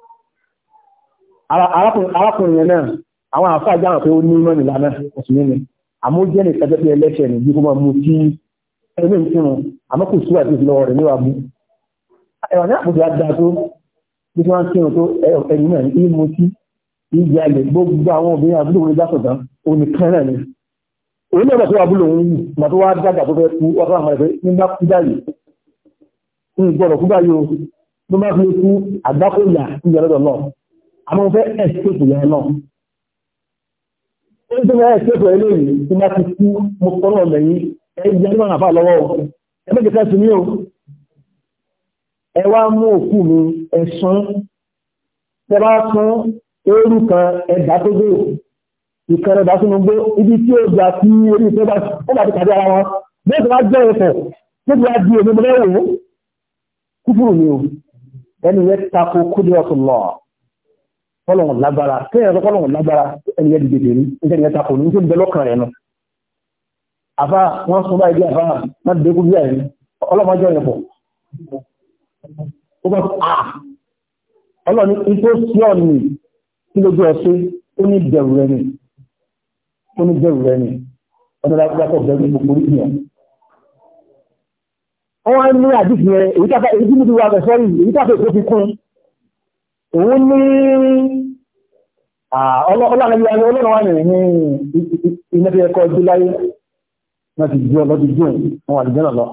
arákùnrin náà àwọn àfáà jáwà pé ó ní mọ́ nìlànà oṣù nínú àmójẹ́ ní ìtajọ́ pé ẹlẹ́ṣẹ̀ ní bí kó máa mú kí ẹgbẹ́ ìkírun àmọ́ kò sí àti ìlọ́wọ́ rẹ̀ níwà mú ẹ̀wọ̀n ní àpòjọ àgbà tó bí ni òun náà tó wà búlò òun yìí mà tó wá dàgbà tó fẹ́ kú ọkọ àwọn ẹ̀fẹ́ nígbà kú báyìí ń gbọ́dọ̀ kú báyìí o àmọ́ fẹ́ ẹ̀sìpèpù yẹn náà ó tó fẹ́ ẹ̀sìpèpù yẹn lórí tí bá ti kú mo kọ́ náà lẹ́yìn ẹ̀yìn ẹ̀yìn náà fà lọ́wọ́ ẹ méjì fẹ́ sunú o ẹ wá mú òkú mi ẹ sún tẹ bá sún eérú kan ẹ̀dá tó gbé ìkan ẹni yẹn tako kúdíọ̀tù lọ́ọ̀ kọ́lọ̀hún lágbára kéèyàn tó kọ́lọ̀hún lágbára ẹnìyẹn dìde dèrí nítorí ẹ̀ta kò ní tó bẹ lọ́kàn rẹ̀ nù. àfa wọn sọ báyìí bí àfa náà dé kú bí àyè ọlọ́mọdé ọ̀yẹ̀ pọ̀. ó bá a ọlọ́ni ikú sí ọ̀nì kí lójú ọ̀sẹ̀ ó ní bẹ̀rù rẹ̀ ni ó ní bẹ̀rù rẹ̀ ni ọdún lápapọ̀ bẹ̀rù gbogbo orí yẹn. wọ́n ní àdìsí yẹn èyí tàbí èyí tí mo ti wà bẹ̀ sọ́rí èyí tàbí èkó fi kún òun ní ọlọ́run wa ni ọlọ́run wa ni ní iná tó yẹ kọ́ ojú láyé wọ́n ti jí ọlọ́dún jù wọn wà lùjọ́nà lọ.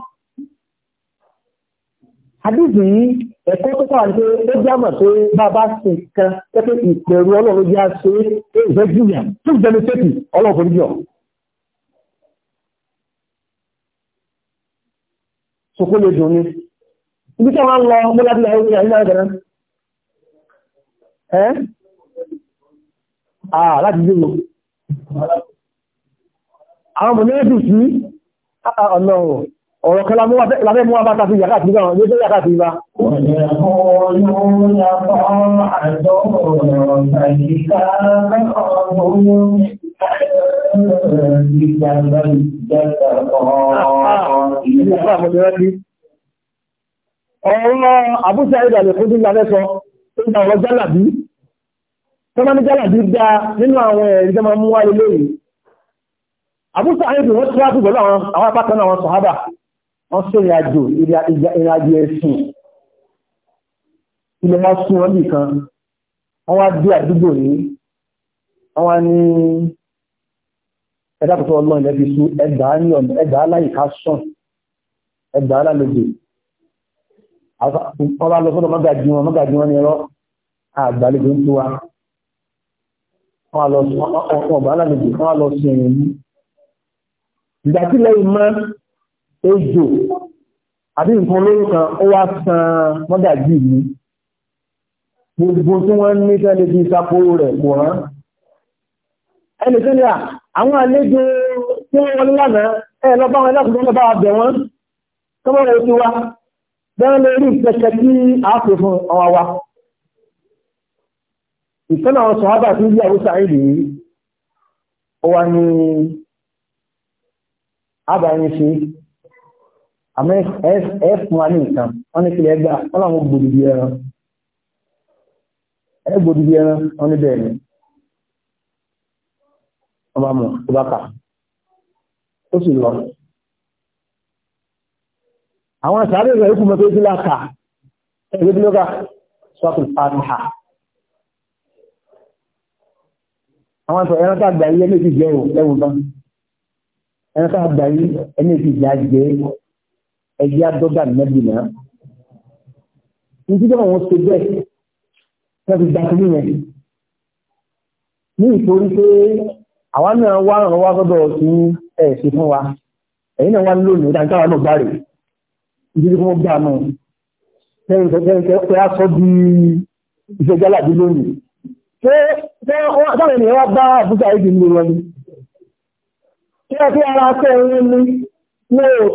Àdìsí yìí ẹ̀kọ́ tó kọ́ àti ó jámọ̀ pé bàbá sì kan tẹ́tẹ́ ìpẹ̀rù ọlọ́run jẹ́ àṣẹ ìfẹ́ jùlọ tó jẹ́nu sẹ́kì ọlọ́run forí jọ. Sokó lè dùn ní. Ibi tí wọ́n lọ mọ́lábílà ẹ̀rọ ìyá ẹ́ àà láti gbé wọn àwọn ọmọ méjì sí ọ̀nà ọ̀rọ̀ kan lábẹ́ mú àbáta sí yàkà àti ìgbàwọn yóò yàkà àti ìgbà Ọ̀rọ̀ àbúṣà ìdàlẹ̀ fún jíjá lẹ́sọ nípa ọ̀rọ̀ jálàbí tó máa ní jálàbí dá nínú àwọn ẹ̀rí tó máa mú wáyé lórí àbúsà àyẹ̀dù wọ́n tí wá sí pẹ̀lú àwọn apákan àwọn sọ̀hábà wọ́n sí ìrìnàjò ìrìnàjò ẹ̀sìn ilẹ̀ wá sún wọn nìkan wọ́n wá dé àdúgbò ní wọ́n ní ẹ̀dàkùtọ̀ ọlọ́run ẹ̀dà ní ọ̀nà ẹ̀dà aláyìká sàn ẹ̀dà alálejò wọ́n bá lọ sọ́dọ̀ mọ́gàjí wọn mọ́gàjí wọn ni ẹ̀rọ àgbàlejò ń tó wa wọ́n bá lálejò wọ́n lọ sí ẹ̀yìn yìí ìdásílẹ̀ ìmọ̀ ejò àbí nǹkan lórí kan ó wá san mọ́gàjí mi gbogbo tí wọ́n ní tẹ́lẹ̀ bí ìsaporo rẹ̀ kò rán ẹni tó ní à àwọn àlejò tí wọ́n wọlé lánàá ẹ̀ lọ bá wọn ẹlẹ́kùnrin lọ bá wa bẹ̀ wọ́n kọ́mọ́ rẹ̀ ti wá bẹ́ẹ̀ lè rí ìpẹ́kẹ́ tí a pè fún ọwà wa ìtọ́nà àwọn sọ̀hábà tí ilé àwúsà ìlú ọwà ni àbáyín ṣe àmọ́ ẹ fún wa ní nǹkan wọ́n ní kílẹ̀ ẹgbà wọ́n làwọn gbòdìdì ẹran ẹ gbòdìdì ẹran àwọn sàárè rẹ̀ ikú mọ́tò ìdílé àkà ẹgbẹ́ bí lọ́gà sọ́tù fàtíhà àwọn sọ ẹran tá àgbáyé ẹni èsì jẹ́ ò lẹ́wọ̀n bá ẹran tá àgbáyé ẹni èsì jẹ́ àjẹ́ ẹgbẹ́ àdọ́gà nẹ́bì náà ní títí àwọn ṣe bẹ́ẹ̀ fẹ́ fi gbà sí yẹn ní ìtorí pé àwa náà wá ràn wá gbọ́dọ̀ sí ẹ̀ ṣe fún wa ẹ̀yin náà wá lónìí dáńtà wà náà gbá rèé ìdílé fún ọgbà náà tẹ́rẹ̀kẹ́ aṣọ bí iṣẹ́ jálàbí lónìí ṣé táwọn ènìyàn wá bá àbújá ìdí ní wọn ni kí wọ́n fi ara tẹ́ ẹ̀rẹ́ ní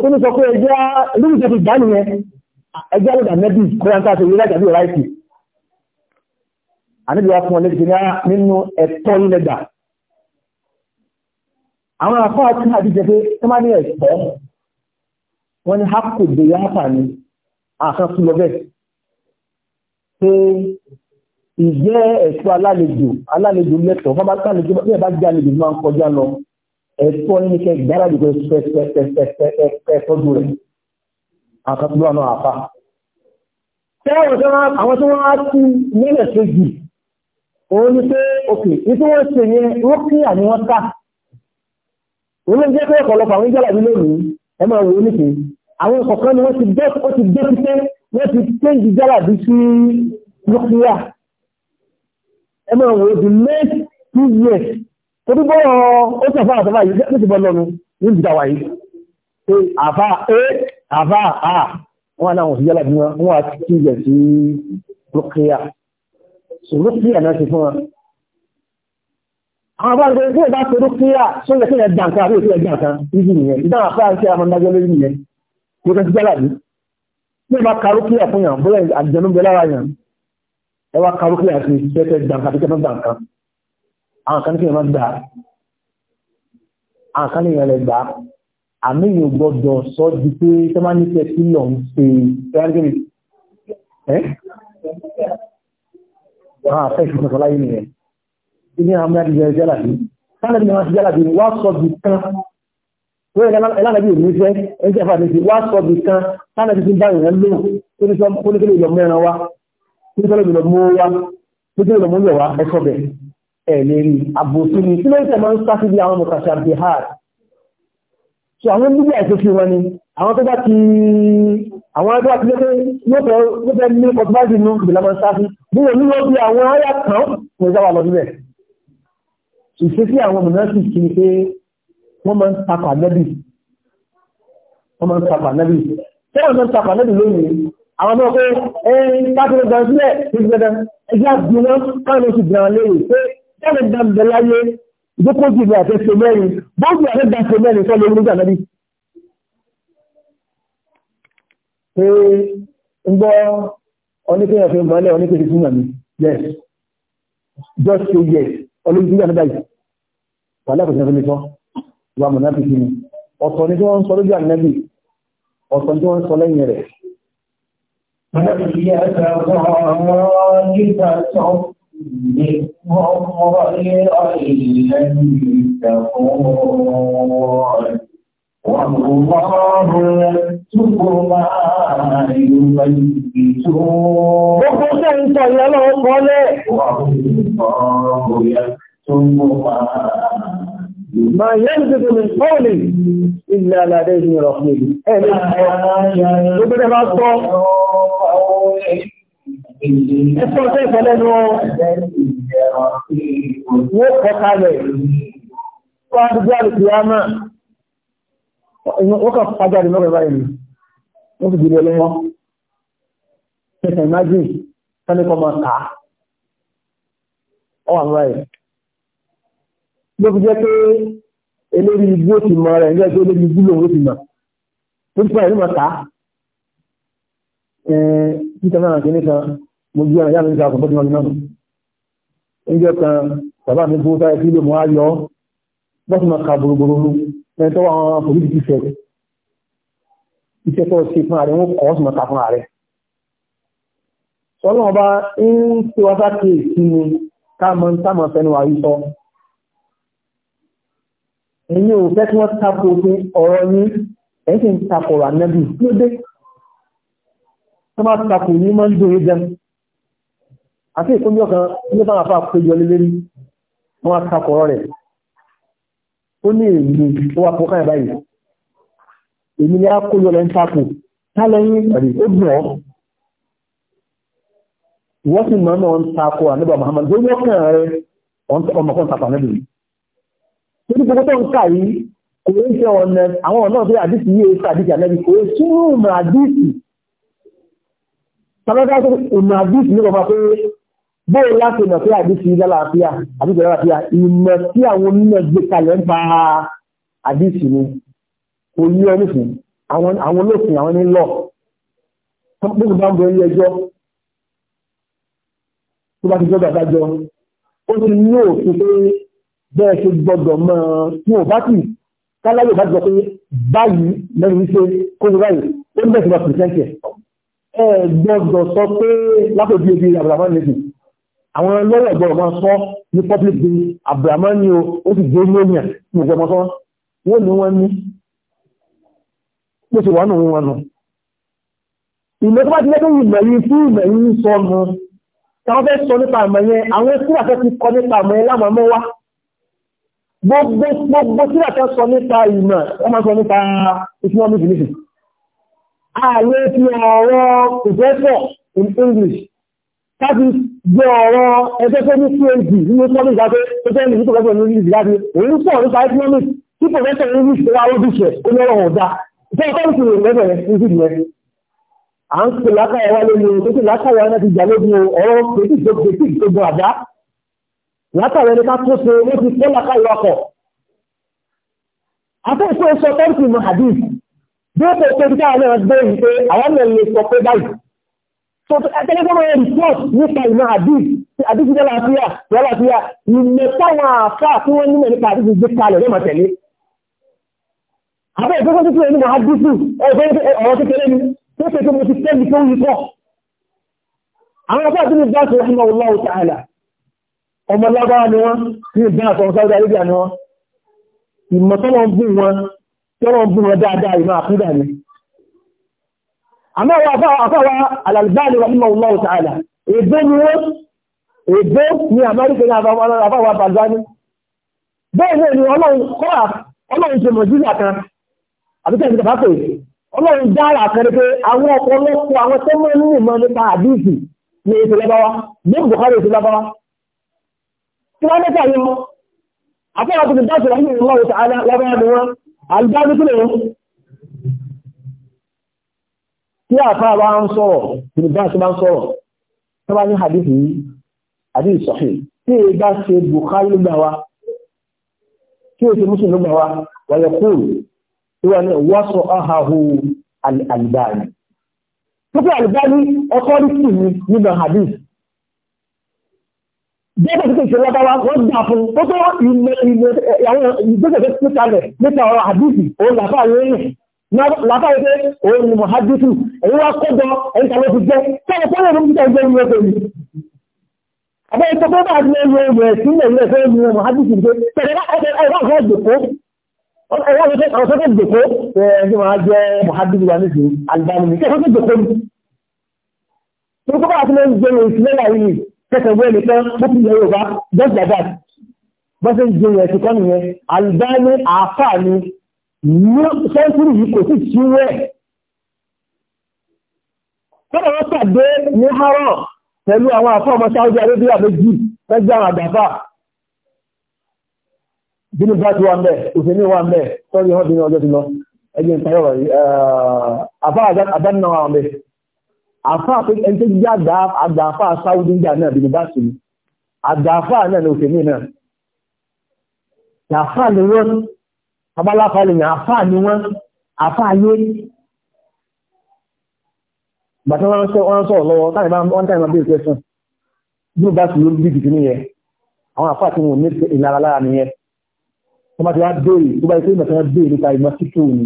wọ́n ò tó ní sọ pé ẹjẹ́ lóòjẹ́ ti dánù yẹn ẹjẹ́ àlọ́dà mẹ́bí kọ́ńtà tó yẹ lájàbí ráìtì àníbi wá fún ọ lẹ́gbẹ̀ẹ́ náà nínú ẹ̀tọ́ nílẹ̀gbà àwọn afọ́ àti àdíjẹ́ pé tọ́mání ẹ̀tọ́ wọ́n ní hapkò bèèrè hapà ní àkan fún lọ́bẹ̀ pé ìjẹ́ ẹ̀tọ́ alálejò alálejò lẹ́tọ̀ wọ́n bá kálejò bẹ́ẹ̀ bá jẹ́ alejò máa ń kọjá lọ ẹ̀tọ́ ní kẹ́ ìgbàlejò pẹ́ẹ́tọ́jú rẹ̀ àkan fún lọ́nà àfà. àwọn tí wọ́n á tú nílẹ̀ sójú òun ni pé òkè nítorí wọ́n ṣe yẹn wọ́n kíyà ni wọ́n ká òun ló ń jẹ́ pé ọ̀pọ̀lọpọ̀ àwọn ìjọba ìlú lónìí ẹ máa wo nìkan àwọn kọ̀ọ̀kan ni wọ́n ti dé ó ti dé pípé wọ́n ti tẹ́ǹdì jára bí sí lókùnrin à ẹ máa wo the next two years tó bí bọ́ ó sì àfáà àtàfà yìí ló ti bọ́ lọ́nu ní ìdíjà wa yìí pé àfà é àfà à wọn náà wọn ti jára bí wọn wọn á ti tẹ́ǹdì sí lókùnrin so lókùnrin à náà ti fún wọn àwọn bá ń gbé ìgbà tó rú kíyà sóyẹ kí ẹ dà nǹkan àbí ìfẹ́ ẹgbẹ́ nǹkan ibi nìyẹn ìdáhùn afẹ́ àti àwọn ọmọdé lórí nìyẹn kò tẹ́ sí jálà ní bí wọ́n karú kíyà fún yàn bóyá àjẹnú bẹ lára yàn ẹ wá karú kíyà sí tẹ́tẹ́ dànkan àti tẹ́tẹ́ dànkan àwọn kan kí ẹ máa gbà àwọn kan ní ìyẹn lẹ gbà àmì yóò gbọdọ̀ sọ di pé tẹ́ máa ní tẹ́tí lọ ń ṣe ẹ́ ilé àwọn ẹgbẹ́ jálàbí sálẹ̀bí àwọn jálàbí wá sọ bí kan wọ́n ìlànàbí ò ní fẹ́ ẹgbẹ́ àfàdé sí wá sọ bí kan sálẹ̀bí ti ń bá ìrìn lò kóníkélé ìlọ mẹ́ran wa kóníkélé ìlọ mú wa kóníkélé ìlọ mú yẹ̀ wa ẹ̀sọ́ bẹ̀ ẹ̀ lè rí àbòsí ni kí ló ń tẹ̀mọ́ ń sá sí bí àwọn mọ̀kàṣà bí hard so àwọn níbi àìsí sí wọn ni àwọn tó bá ti àwọn ẹgbẹ́ àti lẹ́gbẹ́ yóò fẹ́ ní kọtùmáìsì nù ìlànà sáfì bí wọn ní wọn bí àwọn ayà kan kò sábà lọ síbẹ̀ ìṣesí àwọn mìíràn kì í pé wọ́n máa ń tapà nẹ́bì wọ́n máa ń tapà nẹ́bì tẹ́wọ̀n máa ń tapà nẹ́bì lónìí àwọn ọmọ pé ẹ̀yìn káàkiri gan sílẹ̀ ìṣẹ́ dandan ẹgbẹ́ àbí wọn káàkiri oṣù gan lórí pé tẹ́wọ̀n dan bẹ láyé ìdókòó jù ní àfẹ́ ṣe mẹ́rin bóògùn àfẹ́ da ṣe mẹ́rin sọ lórí nígbà nẹ́bì. pé ń gbọ́ oníkéyàn yes just say yes olóyìn ìgbà nígbà yìí wà lẹ́kọ̀ọ́ sínú ìtọ́ wà ni ọ̀tọ̀ ní tí wọ́n ń sọ lójú والله يكتب ما يبيتون Gbogbo ṣe ń sọ ìyẹn lọ kọlẹ̀. Ma yẹ́ ìdíkò lè fọ́ọ̀lì ilẹ̀ aládé ìrìn ọ̀rọ̀ fún ìlú. Ẹni gbogbo ẹbá sọ ẹ̀sọ́ ṣe ìfẹ́lẹ́nu wọ́n ó kàn fàjáde mọ́rẹ̀ báyìí wọ́n ti gbìyànjú lọ́wọ́ tẹ̀sẹ̀ ìmájì sánìkọ́ máa kà á ọwà mọ́rẹ̀ ló fi jẹ́ pé eléri igbó ti mọ rẹ̀ nígbà tó eléri igbó lòun ti mọ̀ tó ti pààrọ̀ máa kà á títà náà kìíní kan mo gbé ọ̀nà yára nígbà àkọ́kọ́ tí wọ́n ti náà oúnjẹ kan bàbá mi gbó sáyẹ sílé mo á lẹ́yìn tó wà wọn fòmí ti fẹ́ iṣẹ́ tó ṣe fún ààrẹ wọn kọ́ ọ́sùn mọ́ta fún ààrẹ sọ́nà ọba ń ṣe wá sáké sí ni káàmọ́ táàmọ́ fẹ́nu wà yí sọ ẹ̀yin ò fẹ́ kí wọ́n tako fún ọ̀rọ̀ yín ẹ̀yìn sì ń takọ̀rọ̀ ànábì ló dé tó máa tako ní máa ń dòwe jẹun àti ìpínlẹ̀ kan ní báwọn afá péjọ lé lérí wọ́n á takọ̀rọ̀ rẹ̀ ó ní èmi ó wà fún káyà báyìí èmi ni a kó lọ lẹ́ńtà kù tálẹ́yìn ẹ̀rí ó dùn ọ́ wọ́n sì máa náà ń takò àníbà Muhammad tó yọ́kàn rẹ̀ ọmọkùnrin tapà níbi tó ní gbogbo tó ń kà yìí kò ń ṣe ọ̀nà àwọn ọ̀nà tó àdìsí yìí ṣe àdìsí àlẹ́bí kò ń súnmọ́ àdìsí tàbí àdìsí ní ọmọ pé bóò láti mọ̀ pé àdísí lálàáfíà àdísí lálàáfíà ìmọ̀ tí àwọn onímọ̀ gbé kalẹ̀ ń pa àdísí ni kò yí ọ nífin àwọn olófin àwọn nílọ̀ gbogbo bá ń bọ ilé ẹjọ́ tó bá ti gbọ́dọ̀ àdájọ́ ó ti ní òfin pé bẹ́ẹ̀ ṣe gbọ́dọ̀ mọ́ tí ò bá tì káláyò bá ti sọ pé báyìí lẹ́nu wípé kó ní báyìí ó ń bẹ̀rẹ̀ sí lọ pìrìsẹ́ńtì ẹ̀ gbọ́dọ̀ sọ pé lápò bíi ebi àbùràmọ́ nìyí àwọn lọ́wọ́ ìgbọ̀rọ̀ máa sọ ní public day abdulhamani o ó sì gbé lónìí ní ìgbọ̀mọ̀ sọ wọ́n ní wọ́n ní pèsè wọ́n nù wọn nù ìmọ̀ tó bá ti lẹ́gbẹ̀ẹ́ ìmọ̀ yìí fún ìmọ̀ yìí sọ mu táwọn fẹ́ sọ nípa àmọ̀ yẹn àwọn ẹkúrà fẹ́ ti kọ nípa àmọ̀ yẹn lámàmọ́ wá gbogbo gbogbo tí àtọ́ sọ nípa ìmọ̀ wọ́n máa sọ nípa economic unity ààrẹ ti ọ̀rọ̀ ìfẹ́fọ̀ in English káfí gbé ọ̀rọ̀ ẹgbẹ́ tó ní PhD nínú sọ́dún ìgbàgbé tó jẹ́ ìlú pẹ̀lú ní ìgbàgbé òun sọ̀rọ̀ nípa economics tí pẹ̀lẹ́tẹ̀ ní ìṣẹ́ wa lójú ṣẹ̀ ó lọ́rọ̀ ọ̀dá ìfẹ́ ìfẹ́ ìṣẹ́ ìrìn lẹ́bẹ̀rẹ̀ ní ìdí rẹ̀ à ń pè lákàyà wa lórí ohun tó sì lákàyà wa ti jà lójú ọ̀rọ̀ pẹ̀lú pẹ̀lú ìṣògbò àdá látàrí ẹni ká tó ṣe ó ti pẹ́ lákàyà ọkọ̀ afẹ́fẹ́ sọ tẹ́ǹtì mọ̀ àdìs bí ó tẹ̀ pé káà náà gbé ìpè àwọn náà lè sọ pé báyìí Ẹgbẹ́gbọ́n ẹ̀rì pọ́t nípa ìmọ̀ àdìs, àdìs jẹ́ láàfíà, jẹ́ láàfíà, ìmẹ̀ táwọn àfá tí wọ́n nímẹ̀ nípa àdìs gbé kalẹ̀ lọ́mọ̀ tẹ̀lé. Àbẹ́ ìgbẹ́gbọ́n títí ẹni máa dìsù, ọ̀rọ̀ kékeré ni, tó ṣe tó àmọ́ wa àfáwà alàlùbáàlì rahimahullahu ta'ala èbó ni wọ́n èbó ni àmọ́ríkẹ́ ní àfáwà balbani bẹ́ẹ̀ ni ọlọ́run kọ́ra ọlọ́run ṣe mọ̀jíríà kan àbíkẹ́ ìjọba pé ọlọ́run dára kan pé àwọn ọ̀pọ̀lọpọ̀ àwọn tó mọ́ nínú ìmọ̀ nípa àdíìsì ní ètò lọ́bàwá ní bùkárì ètò lọ́bàwá tí wọ́n mẹ́ta yìí mọ́ àfáwà tó ti dáṣẹ̀ rahimahullahu ta'ala lọ́bàwá ni wọ́n àlùbáàlì tí àfá bá ń sọ̀rọ̀ ìrìnbá tí bá ń sọ̀rọ̀ tó bá ní hadith yìí hadith sọ̀hì tí è bá ṣe Bukhari ló gbà wá tí è ṣe Muslim ló gbà wá wàyẹ̀ kúrò tí wà ní wọ́sọ̀ ahahu al-Albani tó pé al-Albani ni nínú hadith Bẹ́ẹ̀ tó ṣe lọ́ta wá wọ́n gbà fún tó tó ìgbésẹ̀ tó kalẹ̀ nípa ọ̀rọ̀ àdúgbì òun làfáà lóyìn látàrí pé òun ni mọ̀hájútù èyí wá kọjọ ẹni tàbí ti jẹ́ tẹ́lẹ̀ tẹ́lẹ̀ ló ń jíjẹ́ ìjẹ́ ìwé pẹ̀lú àbẹ́ ìtọ́ pé bá ní ẹ̀rọ ìwé sílẹ̀ ilẹ̀ fẹ́ ní mọ̀hájútù pé tẹ̀lẹ̀ ẹ̀rọ ìgbòkó ọwọ́ ìfẹ́ àwọn sọ́kẹ́ ìgbòkó ẹni máa jẹ́ mọ̀hájútù wà nísìnyí alìbánu ní kẹ́kọ́ ìgbòkó ni tó kọ́ bá ti lọ́n jẹ́ ìsìlẹ̀ láyé kẹ́kẹ́ wẹ́ nìkan bó ti yẹ Yorùbá just like that bọ́sẹ̀ jẹ́ ìyẹn ti kọ́ nìyẹn alìbánu àáfàá ni sẹ́ńtúrì yìí kò sí ṣíwẹ́ tọ́lá wọ́n pàdé ní harọ́ pẹ̀lú àwọn àfọ́ọmọ Saudi Arabia méjì lẹ́gbẹ́ àwọn àgbàfà bínú bá ti wà mẹ́ òṣèlú wà mẹ́ sọ́rí wọ́n bínú ọjọ́ ti lọ ẹgbẹ́ ìtayọ̀ rẹ̀ àfá àdánà wà mẹ́ àfá pé ẹni tó jẹ́ àgbàfà Saudi India náà bínú bá sí àgbàfà náà ní òṣèlú náà àfá ni wọ́n babaláfa lè yàn àfáà ni wọ́n àfáà yé bàtí wọ́n sọ̀rọ̀ lọ́wọ́ táyì bá wọ́n táyì máa bí ìpẹ́sùn bí ó bá sì lórí bíbí nìyẹn àwọn àfáà tí wọ́n ní ìlara lára nìyẹn tó bá ti wá béèrè tó bá ti pé ìmọ̀tí wọ́n béèrè nípa ìmọ̀ síkú ni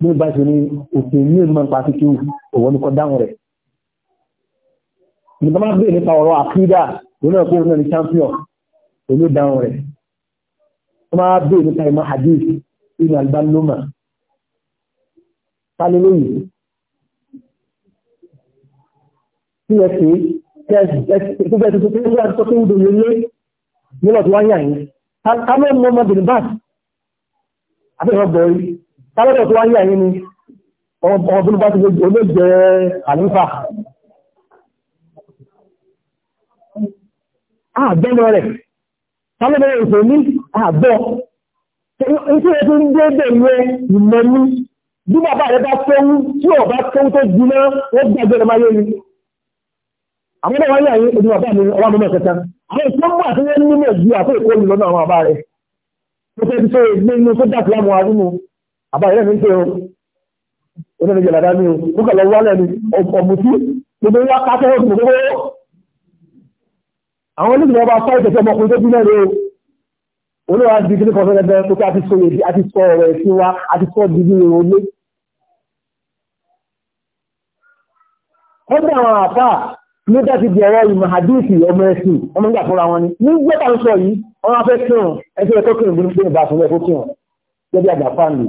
bí ó bá sì ní òfin ní ìmọ̀ nípa síkú òwò ní dáhùn rẹ̀ ìmọ̀tí wọ́n béèrè nípa ọ̀rọ̀ àkídà òun náà kó òun náà ní champion òun ló dáhùn rẹ̀ máa bèèrè nípa ìmọ̀ hadith inú albanoma tálélóyè tí ẹ pé tó bẹ́ẹ̀ tuntun tó ń sọ pé ń dòye lé nílò tó wáyà yìí kámẹ́ mọ́ ọmọ bìnrin báàsì àfihàn bọ̀ yìí kámẹ́ tó wáyà yìí ni ọmọ bìnrin báàsì olóògbé àlùfà àgbẹ̀mọ rẹ̀ kámẹ́ ìfẹ́ ní àbọ̀ tí ó tún dédé rẹ̀ ìmọ̀mí bí bàbá rẹ̀ bá tẹ́wú tí ó bá tẹ́wú tó gbiná ó gbàgbé rẹ̀ máyé ni àwọn ọmọ wáyé àyè ojú bàbá mi ọwọ́ mọ́mọ́ kẹta àwọn ìṣọ́ mú àti wọ́n nínú ẹ̀jú àti èkó lù lọ́nà àwọn bàbá rẹ̀ ó fẹ́ ti sọ̀rọ̀ gbé inú sódà tí wọ́n arúnú àbá rẹ̀ ní pé o ó lẹ́nu o ó kà lọ wálẹ̀ ni ọ̀mùtí gbogbo wá ká tẹ́wọ́ gbogbo àwọn olùdíje ọba fáìtẹ̀tẹ̀ ọmọkùnrin tó bí náà rèé olóòwà di kíní kan fẹ́lẹ́fẹ́ tó kí a ti sọ èdè a ti sọ ọ̀rọ̀ ẹ̀sìn wa a ti sọ dídí ìrìn olé ọdún àwọn àpá ló dá ti di ọ̀rọ̀ ìmọ̀ àdíìsì ọmọ ẹ̀sìn ọmọ ìgbà fúnra wọn ni ní gbẹ́ta ń sọ yìí ọmọ afẹ́ kírun ẹ̀sẹ̀ ẹ̀kọ́ kírun bí nígbà ìbá fún ẹ̀kọ́ kírun gẹ́gẹ́ àgbà fáàmì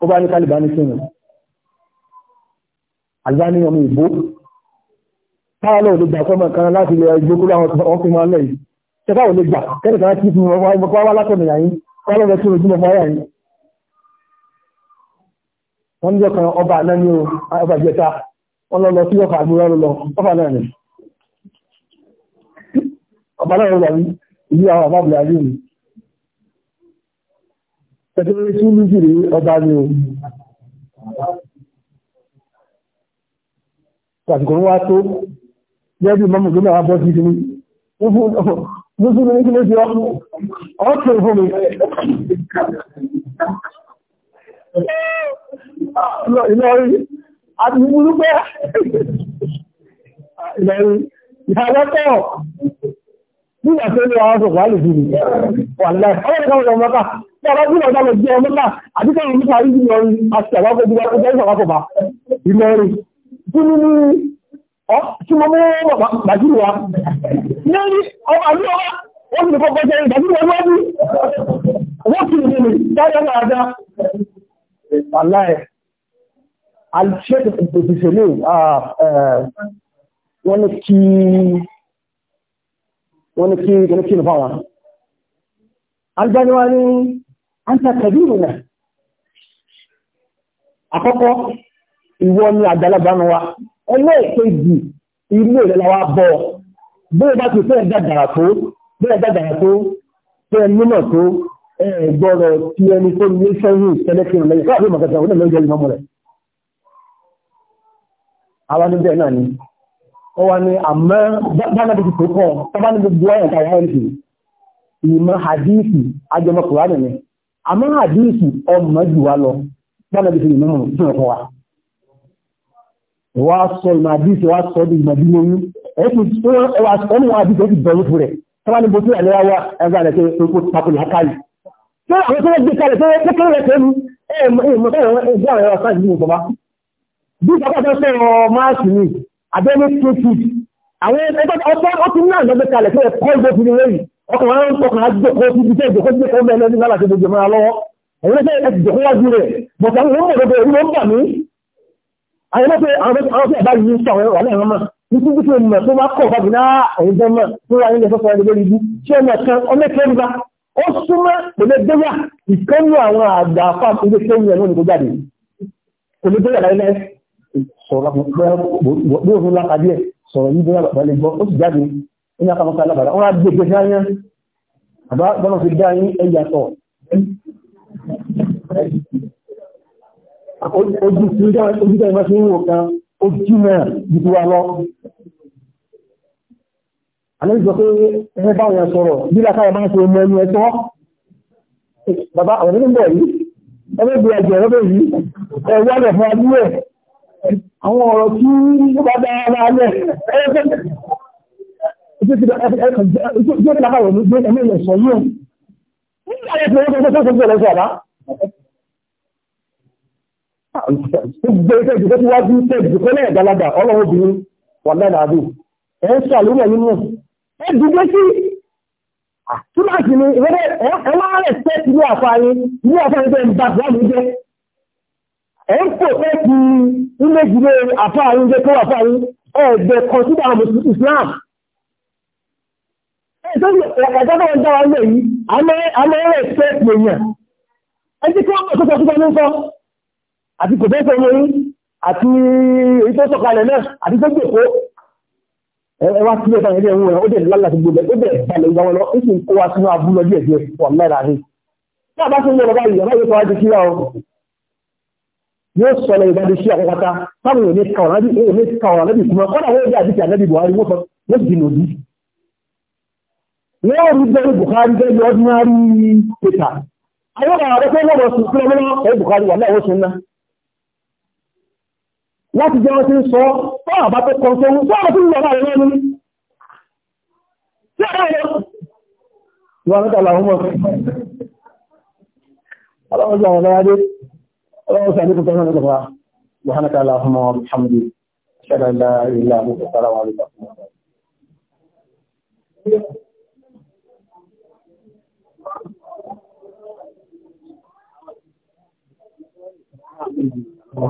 ó bá ní kálíbà ní kírun àlùbá ní ọmọ ìbò táwọn náà lè gbà fọ́mọ kan láti lè ẹgbẹ́ kúrò àwọn ọkùnrin wọn lẹ́yìn ẹ̀fà ò lè gbà kẹ́lẹ̀ kan kí fún ọmọ wá látọ̀nà yàyí wọ́n lọ́wọ́ tí ó jí mọ̀ yàyí wọ́n ní ọkàn ọba náà ní ọba ìjẹta wọ́n lọ́lọ́ sí ọkà àgbúrá lọ ọba náà ni ọba náà lọ rí ìlú àwọn àbábùlé ayé mi tẹ̀tẹ̀rẹ̀ tí ó ní jìrì ọba ni o àsìkò wá tó gẹ́gẹ́ bí mọ́mù gómìnà wá bọ́ sí kí Mùsùlùmí ní kí ló ti ọ́kùn fún mi. Ìlọrin, àti ìmúlú pé ìlọrin, ìhàlọ́pọ̀, bí wà tó ní àwọn ọ̀sọ̀pọ̀ alùsù ni, wà láì, ọwọ́ ìkàwọn ọmọ mọ́ta, tí a bá bí ọ̀dá lọ jẹ́ ọmọ mọ́ta, àdíkọ̀ ìlú parí ìlọrin, àti àwọ́kọ̀ ìlọrin, tí mo mú bàjú wa, lórí ọmọ wọ́n ti kọ́kọ́ jẹ́ ìdájú ọmọ ní wọ́n ti rí rí dájọ́ àádá aláì alṣẹ́kì ìpòsìṣẹ́lẹ̀ wọ́n ní kí wọ́n ní kí wọ́n ní kí nípa wọn albaniwa ní anta kabiru náà àkọ́kọ́ ìwọ ni àgbàlagbà wa ẹlẹ́ẹ̀kejì ilé ìrẹ́lẹ́wà bọ́ọ̀ bẹ́ẹ̀ bá ti fẹ́ dàgbàrà tó bẹ́ẹ̀ dàgbàrà tó fẹ́ mímọ̀ tó gbọ́rọ̀ tí ẹni tó ní sẹ́yìn tẹ́lẹ́kìn lẹ́yìn káàkiri mọ̀kẹta òun náà lọ́jọ́ ìmọ̀mọ̀ rẹ̀ àwa ní bẹ́ẹ̀ náà ni ó wá ní àmọ́ dáná bí kò kọ́ tábà ní gbogbo ọ̀yàn káyà ẹ̀ǹtì ìmọ̀ hadithi ajọmọ kùránì ni àmọ́ hadithi ọmọ jù wá lọ dáná bí kò ìmọ̀ fún ẹ̀kọ́ wa wá sọ ìmọ̀ hadithi wá sọ ìmọ̀ bí lóyún ẹ̀kùn tó ẹwà ọ̀nà àdìsẹ́ ti bẹ̀rù fún rẹ̀ tọ́wà ní bókí ẹ̀lẹ́wà wá ẹgbà rẹ̀ tó kó takò lákàlì tó àwọn tó gbé kalẹ̀ tó kékeré rẹ̀ tẹ́lu ẹ̀mọ̀tẹ́rẹ̀ ẹ̀gbọ́n ọ̀sán ìlú ìjọba bí ìjọba tó sọ̀rọ̀ máàsì ni abẹ́lé kéèkì àwọn ọ̀sán ọtún náà lọ́gbẹ́ kalẹ̀ tó ẹ̀kọ́ ìgbẹ́ fún ilé yìí ọkàn wọn ń tọkàn àjọkọ̀ ti di tẹ́jọkọ̀ ti tẹ́jọkọ̀ mẹ́lẹ́ ní lálàtí gbogbo máa lọ́wọ́ ẹ̀yìn lọ́sẹ̀ ẹ̀ ti jọ̀kọ́ wájú rẹ̀ bọ̀tà ń lọ́mọ̀ lọ́gbẹ̀ orí ló ń bà mí àwọn ọ̀sẹ̀ àbáyé ń sọ àwọn ẹ̀rọ nítorí bí ṣe mọ̀ tó bá kọ̀ bá bí náà ẹ̀yìn jẹ́ mọ̀ tó wà nílẹ̀ sọ́sọ́ ẹni lórí ibi ṣé ọmọ kan ọmọ ìkẹrin bá ó súnmọ́ pẹ̀lú ẹgbẹ́yà ìkẹ́nu àwọn àgbà afá ilé ṣé ìyẹn lónìí tó jáde kò ní gbẹ́yà láìláì sọ̀rọ̀ bí òun lápá díẹ̀ sọ̀rọ̀ yìí bóyá bàbá lè gbọ́ ó sì jáde ní akamọ́ta alábàdà wọn á gbé gbé fi dá yín ẹ̀yà ó jìnà jùtù wa lọ. Àlejò sọ pé ẹgbẹ́ bá wọn sọ̀rọ̀ bí lákàrà máa ń ṣe ọmọ ẹni ẹ̀tọ́. Bàbá àwọn ẹni bọ̀ yìí, ẹgbẹ́ bí ẹjẹ̀ ẹgbẹ́ yìí, ẹwà rẹ̀ fún adú ẹ̀. Àwọn ọ̀rọ̀ tí ó bá dá ara rẹ̀, ẹgbẹ́ tí ó ti lákàrà gbogbo iṣẹ́ ìdìbò tí wájú iṣẹ́ ìdìbò náà ìgbàlagbà ọlọ́run obìnrin wà lẹ́nà àdó ẹ̀ ń ṣàlùmọ̀ nínú ẹ̀ dìbò sí túláàsì ni ìrẹ́lẹ̀ ẹ̀ máa rẹ̀ tẹ́ ti ní àfáàyè ní àfáàyè tẹ́ ń bá ìwádìí jẹ́ ẹ̀ ń pò tẹ́ ti ilé ìdílé àfáàyè jẹ́ kó àfáàyè ẹ̀ bẹ̀ kọ̀sídà Islam ẹ̀ẹ́dọ́gbọ̀n dára lẹ́yìn àmọ́ rẹ̀ tẹ́ ti èèyàn ẹ̀ ti kí wọ́n mọ̀ tó sọ àti kò bẹ́ẹ̀ sẹ́yìn orí àti èyí tó sọ̀kalẹ̀ náà àti tó gbèkó ẹ wá sílẹ̀ fún ẹ̀rẹ́ ìwọ̀n ó dẹ̀ lálà tó gbogbo ó dẹ̀ balẹ̀ ìgbà wọn lọ ó sì ń kó wa sínú abú díẹ̀ díẹ̀ pọ̀ mẹ́ra rí tí a bá sì ń lọ báyìí ọ̀rọ̀ yóò tọ́wájú síra o yóò sọ lọ ìbàdí sí àkọ́kọ́ta táwọn èèyàn ní kàwọn lábì èèyàn ní kàwọn lábì kúmọ kọ́nà wọ́n jẹ́ àdìsí àlẹ́bì Buhari wọ́n sọ yóò di lòdì wọ́n rí bẹ́ẹ̀ Buhari bẹ́ẹ̀ ni ordinary paper àwọn àwọn àrẹ́kọ́ wọ́n lọ sí fúnra mọ́ ẹ̀ Buhari wà láwọn sọ náà láti jẹ́ wọ́n ti ń sọ fọ́nà bá tó kọ́ sóhun fọ́nà tó lọ láàrin lẹ́nu sí ọ̀rọ̀ rẹ̀ wọ́n mẹ́ta làwọn mọ̀ aláwọ̀sí Thank you.